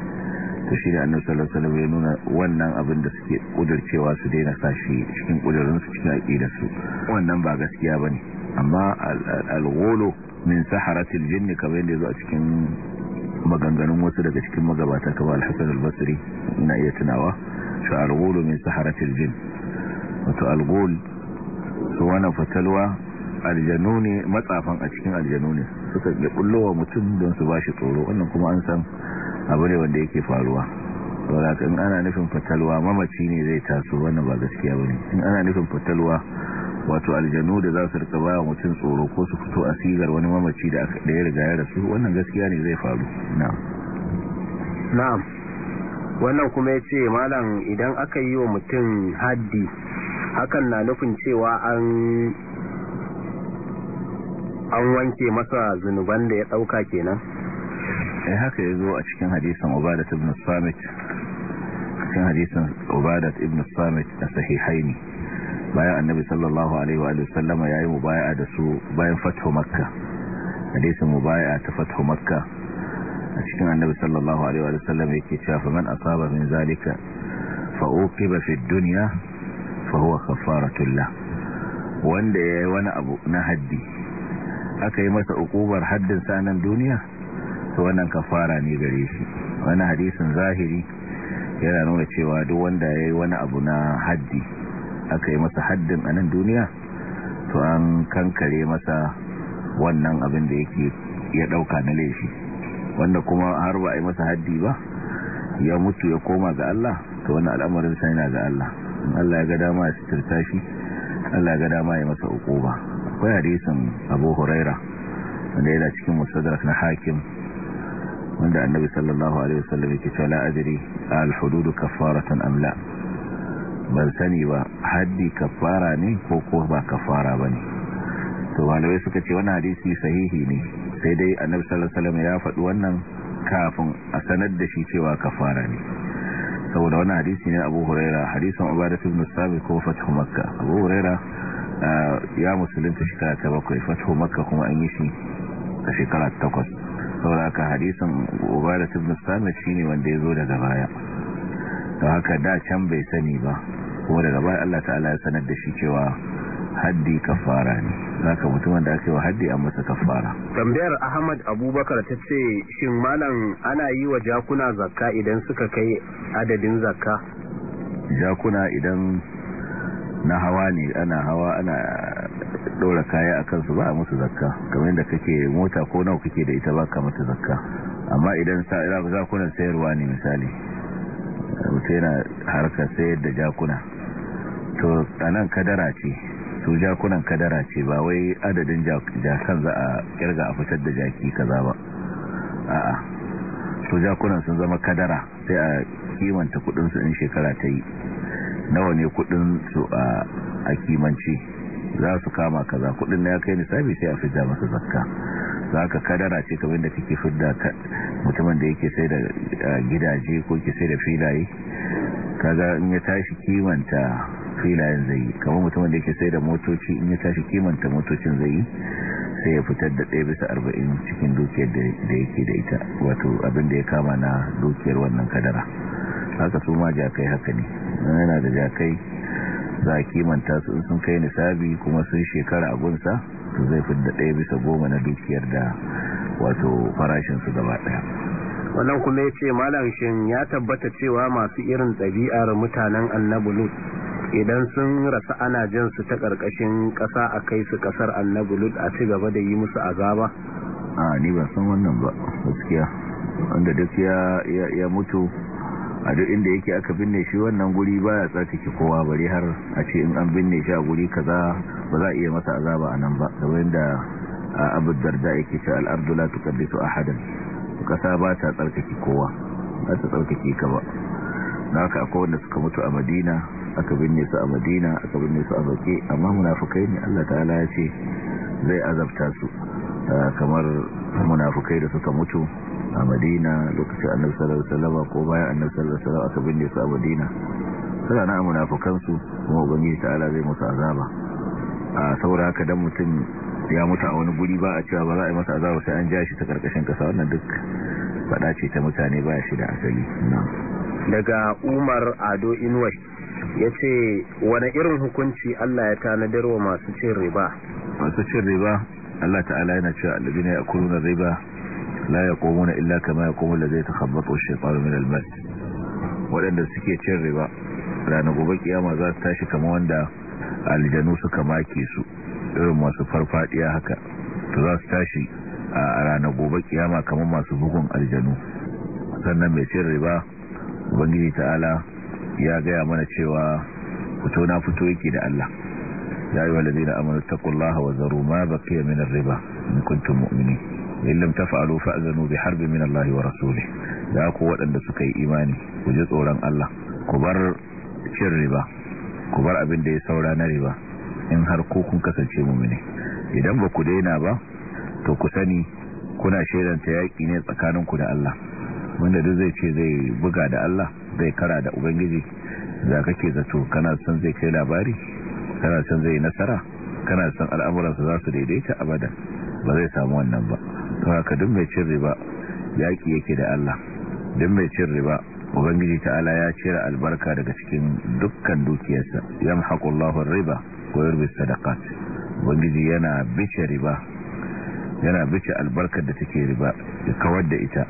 to shi da annabi sallallahu alaihi wasallam ya nuna wannan abin da suke kudurcewa su daina sashi cikin kudurin su cikin aqidar su wannan ba gaskiya bane amma al-ghulu min saharatil jinn kamar yadda zo a cikin maganganun wasu daga cikin magabata kamar al-Hasan al-Basri ina iya tunawa shi al-ghulu min saharatil jinn wato al-ghul su wani fatalwa aljanuni ne matsafan a cikin aljanuni ne suka ga kullowa mutum don su bashi tsoro wannan kuma an san abu ne wanda yake faruwa saboda in ana nufin fatalwa mamaci ne zai taso wannan ba gaskiya bane in ana nufin fatalwa wato aljanu da za su rika ba mutum tsoro ko su fito a sigar wani mamaci da ya riga ya rasu wannan gaskiya ne zai faru na'am na'am wannan kuma ya ce malam idan aka yi wa mutum haddi hakan na nufin cewa an an wanke masa zunuban da ya dauka kenan eh haka ya zo a cikin hadisan Ubadah ibn Samit cikin hadisin Ubadah ibn Samit da sahihaini bayan Annabi sallallahu alaihi wa sallama yayi mubaya'a da su bayan fathu Makka hadisin mubaya'a ta fathu Makka a cikin Annabi sallallahu alaihi wa sallam yake cewa fa man asaba min zalika fa uqiba fi dunya fa huwa kafaratul la wanda yayi wani abu na haddi aka yi masa ukubar haddin sanan duniya to wannan kafara ne gare shi wani hadisin zahiri yana nuna cewa duk wanda ya yi wani abu na haddi aka yi masa haddin a nan duniya to an kankare masa wannan abin da yake ya dauka na laifi wanda kuma har ba a yi masa haddi ba ya mutu ya koma ga Allah to wannan al'amarin sai na ga Allah in Allah ya ga dama ya sitirta shi Allah ya ga dama ya masa hukuma akwai hadisin Abu Huraira wanda yana cikin musaddarak na Hakim wanda annabi sallallahu alaihi wasallam yake cewa la ajri al hudud kaffaratan am la ban sani ba haddi kaffara ne ko ko ba kaffara bane to malamai suka ce wannan hadisi sahihi ne sai dai annabi sallallahu alaihi wasallam ya faɗi wannan kafin a sanar da shi cewa kafara ne saboda wani hadisi ne abu huraira hadisin ubadatu ibn sabi ko fathu makka abu huraira ah, ya musulunta shekara ta bakwai fathu makka kuma an yi shi a shekara takwas sauraka hadisin ubada ibn samit shine wanda ya zo daga baya don haka da can bai sani ba kuma daga baya Allah ta'ala ya sanar da shi cewa haddi kafara ne ka mutumin da ake wa haddi an masa kafara tambayar ahmad abubakar ta ce shin malam ana yi wa jakuna zakka idan suka kai adadin zakka jakuna idan na hawa ne ana hawa ana ɗora kaya a kansu ba a musu zakka kamar yadda kake mota ko nawa kake da ita ba ka mata zakka amma idan zakunan sayarwa ne misali mutu yana harkar sayar da jakuna to anan kadara ce su jakunan kadara ce ba wai adadin jakan za a kirga a fitar da jaki kaza ba a'a su jakunan sun zama kadara sai a kimanta kudinsu in shekara ta yi nawa ne kudinsu a kimanci za su kama kaza kudin na ya kai nisabi sai a fidda masa zakka za ka kadara ce kamar da kake fidda mutumin da yake sai da gidaje ko ke sai da filaye kaga in ya tashi kimanta filayen zai kamar mutumin da yake sai da motoci in ya tashi kimanta motocin zai yi sai ya fitar da ɗaya bisa arba'in cikin dukiyar da yake da ita wato abin da ya kama na dukiyar wannan kadara haka su ma jakai haka ne yana da jakai za a kimanta su sun kai nisabi kuma sun shekara a gunsa zai fi da ɗaya bisa goma na dukiyar da wato farashinsu gaba ɗaya wannan kuma ya ce malam shin ya tabbata cewa masu irin ɗabi'ar mutanen annabi idan sun rasa ana jan ta ƙarƙashin ƙasa a kai su ƙasar annabulu a ci gaba da yi musu azaba a ni ban san wannan ba gaskiya wanda duk ya mutu a duk inda yake aka binne shi wannan guri ba ya tsarkake kowa bari har a ce in an binne shi a guri kaza ba za a iya masa azaba a nan ba kamar da abu darda yake ce al'ardu la tuqaddisu ahadan kasa ba ta tsarkake kowa ba ta tsarkake ka ba haka akwai wanda suka mutu a madina aka binne su a madina aka binne su a baki amma munafukai ne allah ta'ala ya ce zai azabta su kamar munafukai da suka mutu a madina lokacin annabi sallallahu alaihi wasallam ko bayan annabi sallallahu alaihi wasallam aka binne su a madina suna na munafikan su kuma ubangiji ta'ala zai musu azaba a saboda haka dan mutum ya mutu a wani guri ba a cewa ba za a yi masa azaba sai an ja shi ta karkashin kasa wannan duk fada ce ta mutane ba shi da asali daga umar ado inuwai ya ce wani irin hukunci allah ya tanadar wa masu cin riba masu cin riba allah ta'ala yana cewa alibina ya riba la yaqumuna illa kama ya allazi yatakhabbathu ash-shaytanu min al-mas wadanda suke cin riba ranar gobe kiyama za su tashi kama wanda aljanu suka make su irin masu farfadiya haka to za su tashi a ranar gobe kiyama kamar masu bugun aljanu sannan mai cin riba ubangiji ta'ala ya gaya mana cewa fito na fito yake da Allah ya yi wa lalzina amurta kullaha wa zaru ma baqiya min riba in kuntum mu'minin in lam taf'alu fa'zanu bi harbin min Allah wa rasulih da ku waɗanda suka yi imani ku ji tsoron Allah ku bar cin riba ku bar abin da ya saura na riba in har ku kun kasance mu'mini idan ba ku daina ba to ku sani kuna ta yaki ne tsakanin ku da Allah wanda duk zai ce zai buga da Allah zai kara da ubangiji za kake zato kana son zai kai labari kana son zai nasara kana son al'amuransa za su daidaita abadan ba zai samu wannan ba haka duk mai cin riba yaƙi yake da Allah duk mai cin riba ubangiji ta ala ya cire albarka daga cikin dukkan dukiyarsa yamhaqu Allahu riba wa yurbi sadaqat ubangiji yana bice riba yana bice albarkar da take riba ya kawar da ita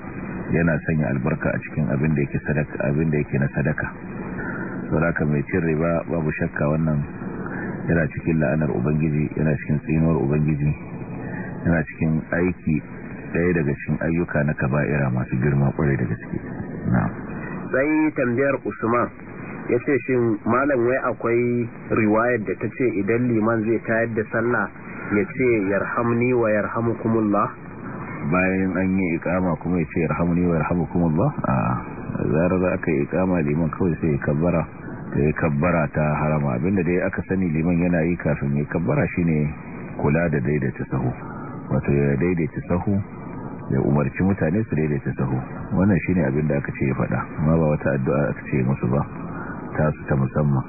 yana sanya albarka a cikin abin da yake sadaka abin da yake na sadaka saboda mai cin riba babu shakka wannan yana cikin la'anar ubangiji yana cikin tsinuwar ubangiji yana cikin aiki daya daga cikin ayyuka na kaba'ira masu girma kwarai da gaske sai tambayar usman ya ce shi malam wai akwai riwayar da ta ce idan liman zai tayar da sallah ya ce yarhamni wa yarhamukumullah bayan an yi ikama kuma ya ce yarhamni wa yarhamukumullah a zarar aka yi ikama liman kawai sai ya kabbara ya kabbara ta harama abinda dai aka sani liman yana yi kafin ya kabbara shine kula da ta sahu wato ya daidaita sahu ya umarci mutane su daidaita sahu wannan shine abin da aka ce ya faɗa amma ba wata addu'a aka ce musu ba ta su ta musamman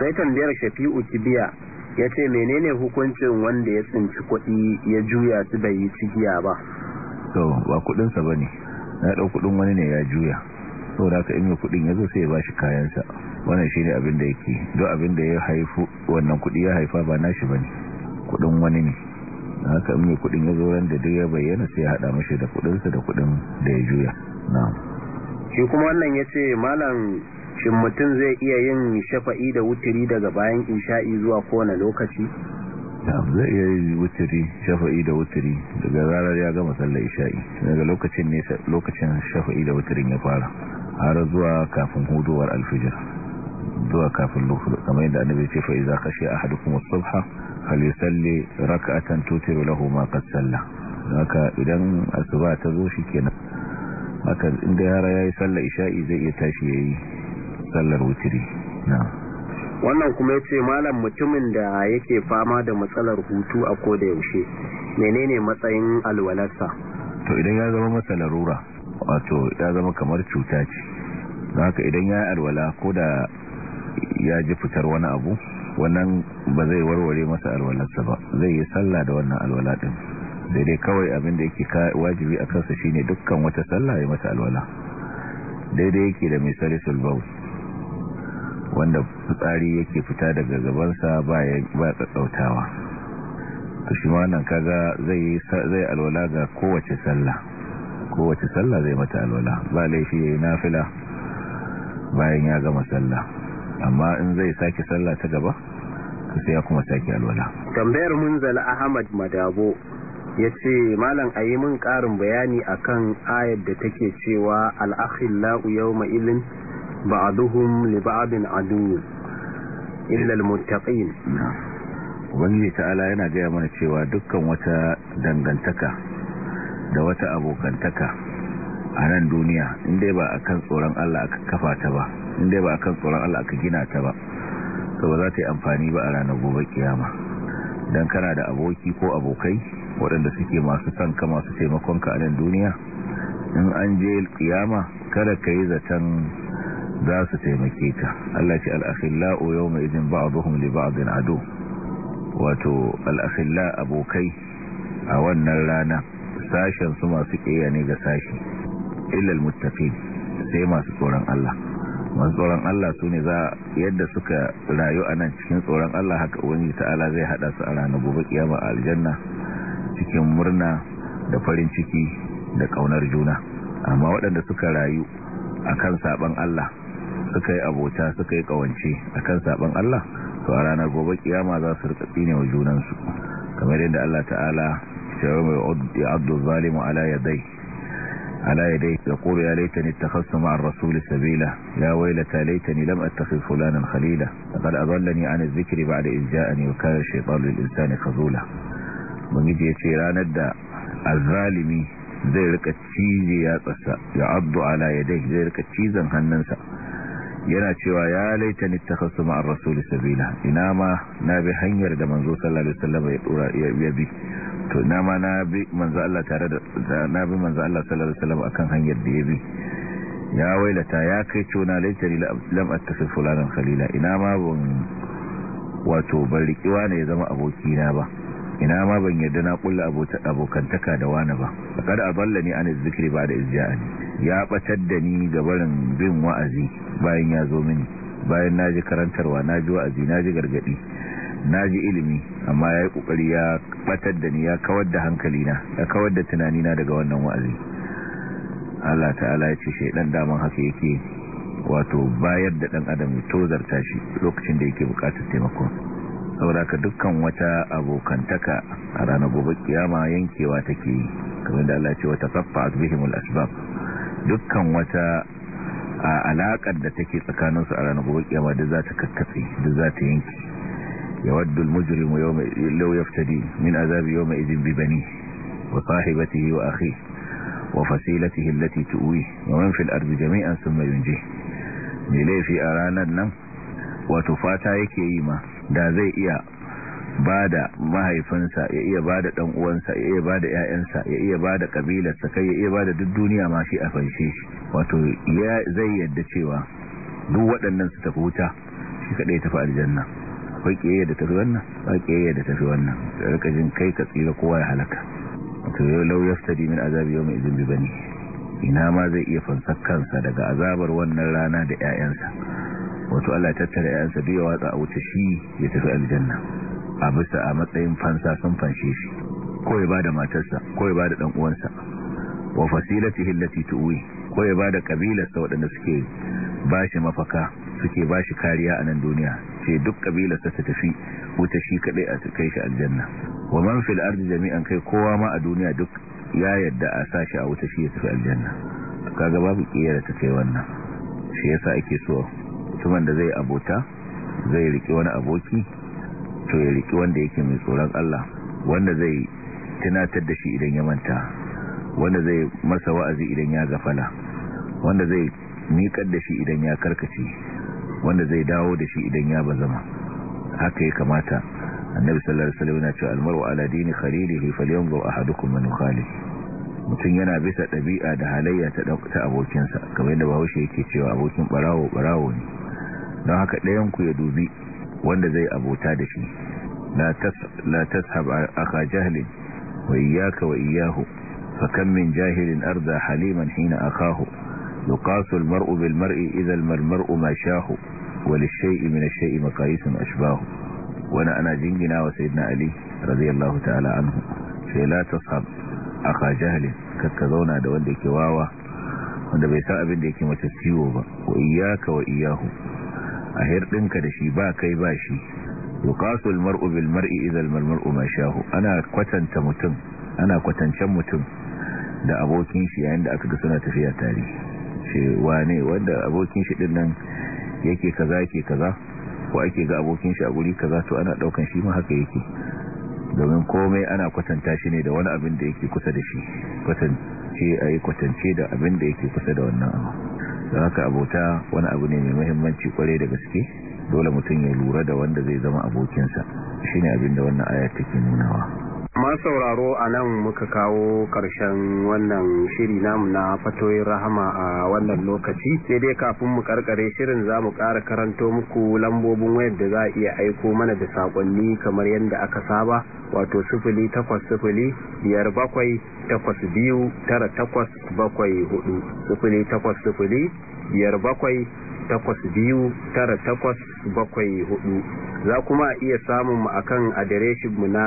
sai tambayar shafi'u kibiya ya ce menene hukuncin wanda ya tsinci kuɗi ya juya su bai yi cigiya ba to ba kuɗinsa ba ne na ɗau kuɗin wani ne ya juya sau da aka ime kuɗin ya zo sai ya ba shi kayansa wannan shi ne abin da yake don abin ya haifu wannan kuɗi ya haifa ba nashi ba ne kuɗin wani ne na haka mai kudin ya zo randa da ya bayyana sai ya hada mashi da kudinsa da kudin da ya juya na'am shi kuma wannan yace ce malam shin mutum zai iya yin shafa'i da wuturi daga bayan insha'i zuwa kowane lokaci zai iya yin wuturi shafa'i da wuturi daga ranar ya gama sallar isha'i daga lokacin ne lokacin shafa'i da wuturin ya fara har zuwa kafin hudowar alfijir zuwa kafin lokacin kamar yadda annabi ce fa iza kashi ahadukum as-subha falisalli raka'atan tutiru lahu ma qad salla haka idan asuba ta zo shikenan haka inda yara yayi sallar isha'i zai iya tashi yayi sallar wutiri wannan kuma yace malam mutumin da yake fama da matsalar hutu a koda yaushe menene matsayin alwalarsa to idan ya zama masa larura wato ya zama kamar cuta ce haka idan ya alwala ko da ya ji fitar wani abu wannan ba zai warware masa alwalarsa ba zai yi sallah da wannan alwala din sai dai kawai abin da yake wajibi a kansa shine dukkan wata sallah ya mata alwala daidai yake da misali salisul wanda fitsari yake fita daga gabansa ba ya to shi ma nan kaga zai zai alwala ga kowace sallah kowace sallah zai mata alwala ba laifi yayi nafila bayan ya gama sallah amma in zai sake sallah ta gaba sai ya kuma sake alwala tambayar munzala ahmad madabo ya ce malam a yi min ƙarin bayani akan ayar da take cewa al'akhillahu yau ma'ilin ba'duhum li adu illa illal muttaqin ubangiji ta'ala yana gaya mana cewa dukkan wata dangantaka da wata abokantaka a nan duniya inda ba akan tsoron Allah aka kafa ta ba inda ba kan tsoron Allah aka gina ta ba to ba za ta yi amfani ba a ranar gobe kiyama dan kana da aboki ko abokai waɗanda suke masu son ka masu taimakon ka a nan duniya in an je kiyama kada ka yi zaton za su taimake ta Allah ce al'akhilla o yau mai izin ba'aduhum li ba'adin ado wato al'akhilla abokai a wannan rana sashen su masu ƙeya ne ga sashi illal muttaqin sai masu tsoron Allah masu tsoron Allah su ne za yadda suka rayu a nan cikin tsoron Allah haka wani ta'ala zai haɗa su a ranar gobe kiyama a aljanna cikin murna da farin ciki da ƙaunar juna amma waɗanda suka rayu a kan saban Allah suka yi abota suka yi kawance kan saban Allah to a ranar gobe kiyama za su rika ne wa junansu kamar yadda Allah ta'ala ya mai ya'addu zalimu ala yadai ala yadayk yaqulu ya laytani ittakhadhtu ma ar-rasuli sabila ya waylata laytani lam attakhidh fulanan khalila laqad adallani an adh-dhikri ba'da idh ja'ani wa kana ash-shaytan lil-insani khazula bangiji yace ranar da azzalimi zai rika cije ya tsasa ya addu ala yadayk zai rika cizan hannansa yana cewa ya laytani ittakhadhtu ma ar-rasuli sabila ina ma na bi hanyar da manzo sallallahu alaihi wasallam ya dora ya biya to na ma na bi manzo Allah tare da na bi manzo Allah sallallahu alaihi wasallam akan hanyar da ya bi ya wailata ya kai cona laitari lam attasif fulanan khalila ina ma ban wato ban riki ya zama aboki na ba ina ma ban yadda na kulla abokantaka da wani ba kada aballa ni an zikri ba da izjani ya batar da ni ga barin bin wa'azi bayan ya zo mini bayan naji karantarwa naji wa'azi naji gargadi na ji ilimi amma ya yi ƙoƙari ya ɓatar da ni ya kawar da hankalina ya kawar da tunanina daga wannan wa'azi Allah ta'ala ya ce shaidan daman haka yake wato bayar da ɗan adam ya tozarta shi lokacin da yake buƙatar taimako sauraka dukkan wata abokantaka a ranar gobe kiyama yankewa take yi kamar da Allah ce wata taffa bihimul asbab dukkan wata a alakar da take tsakaninsu a ranar gobe kiyama duk za ta kakkatse duk za ta yanki يود المجرم يوم لو يفتدي من عذاب يومئذ ببنيه وصاحبته وأخيه وفصيلته التي تؤويه ومن في الأرض جميعا ثم ينجيه ملي في أرانا النم وتفاتا يكييما دا زي إيا بعد ما هي فنسا يأيا بعد يا يأيا بعد إيانسا يأيا بعد قبيلة سكي يأيا بعد الدنيا ما شيء أفنشيش وتو يا زي الدشيوة دو وقت النم ستفوتا شكا ليتفع الجنة akwai kiyayya da tafi wannan ba kiyayya da tafi wannan da rika kai ka tsira kowa ya halaka to yau lau yastadi min azabi yawmi idin bi bani ina ma zai iya fansar kansa daga azabar wannan rana da ƴaƴansa wato Allah ya tattara ƴaƴansa duk ya watsa a wuce shi ya tafi aljanna a bisa a matsayin fansa sun fanshe shi ko ya bada matarsa ko ya bada dan uwansa wa fasilatihi allati tuwi ko ya bada kabilarsa waɗanda suke bashi mafaka suke bashi kariya a nan duniya ce duk kabilarsa ta tafi wuta shi kadai a kai shi aljanna wa man fil ardi jami'an kai kowa ma a duniya duk ya yadda a sashi a wuta shi ya tafi aljanna kaga babu kiyar ta kai wannan shi yasa ake so mutumin da zai abota zai riki wani aboki to ya riki wanda yake mai tsoron Allah wanda zai tunatar da shi idan ya manta wanda zai masa wa'azi idan ya gafala wanda zai miƙar da shi idan ya karkace wanda zai dawo da shi idan ya bazama haka ya kamata annabi sallallahu alaihi wasallam yana cewa almaru ala dini khalilihi falyanzur ahadukum man khalil mutum yana bisa dabi'a da halayya ta ta abokinsa kamar yadda bahaushe yake cewa abokin barawo barawo ne don haka ɗayan ku ya dubi wanda zai abota da shi la tas la tashab aka jahlin wa iyyaka wa iyyahu fa kam min jahilin arda haliman hina akahu يقاس المرء بالمرء إذا المرء ما شاه وللشيء من الشيء مقاييس أشباه وانا انا جنجنا وسيدنا علي رضي الله تعالى عنه في لا تصحب اخا جهل كتكذونا دا وانده كواوا وانده بيساء بنده كما تسيوه با وإياك وإياه أهير دنك دشي با كي باشي يقاس المرء بالمرء إذا المرء ما شاه انا قتن تمتم انا قتن شمتم دا أبوكينشي عند أكدسنا تفيا تاريخ ce wane wanda abokin shi din nan yake kaza yake kaza ko ake ga abokin shi a guri kaza to ana daukan shi ma haka yake domin komai ana kwatanta shi ne da wani abin da yake kusa da shi kwatance a yi kwatance da abin da yake kusa da wannan abu don haka abota wani abu ne mai muhimmanci kwarai da gaske dole mutum ya lura da wanda zai zama abokinsa shine abin da wannan aya take nunawa Ma sauraro a nan muka kawo ƙarshen wannan shiri namu na fatoyin rahama a wannan lokaci sai dai kafin mu karkare shirin za mu kara karanto muku lambobin wayar da za a iya aiko mana da saƙonni kamar yadda aka saba wato sifili takwas sufili biyar bakwai takwas biyu tara takwas bakwai hudu Sufili takwas sufili biyar bakwai takwas biyu tara takwas bakwai hudu za kuma iya samun mu akan adireshin mu na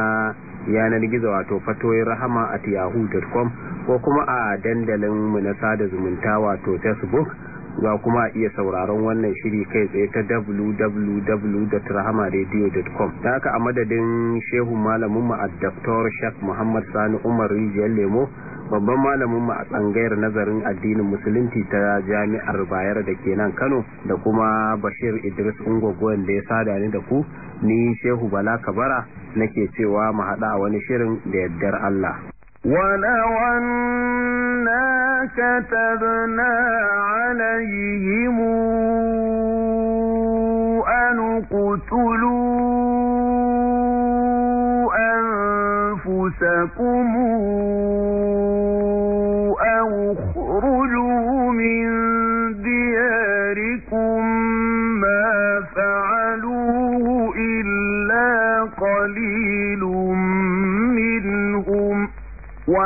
yanar gizo wato fatoyin rahama at yahoo.com ko kuma a dandalin mu na sada zumunta wato facebook za kuma iya sauraron wannan shiri kai tsaye ta www.rahamaradio.com ta haka a madadin shehu malamin a dr shak muhammad sani umar rijiyar lemo babban malamin mu a tsangayar nazarin addinin musulunci ta jami'ar bayar da ke nan kano da kuma bashir idris ungwagwan da ya sada ni da ku ni shehu bala kabara nake cewa mu haɗa wani shirin da yaddar allah ولو أنا كتبنا عليهم أن اقتلوا أنفسكم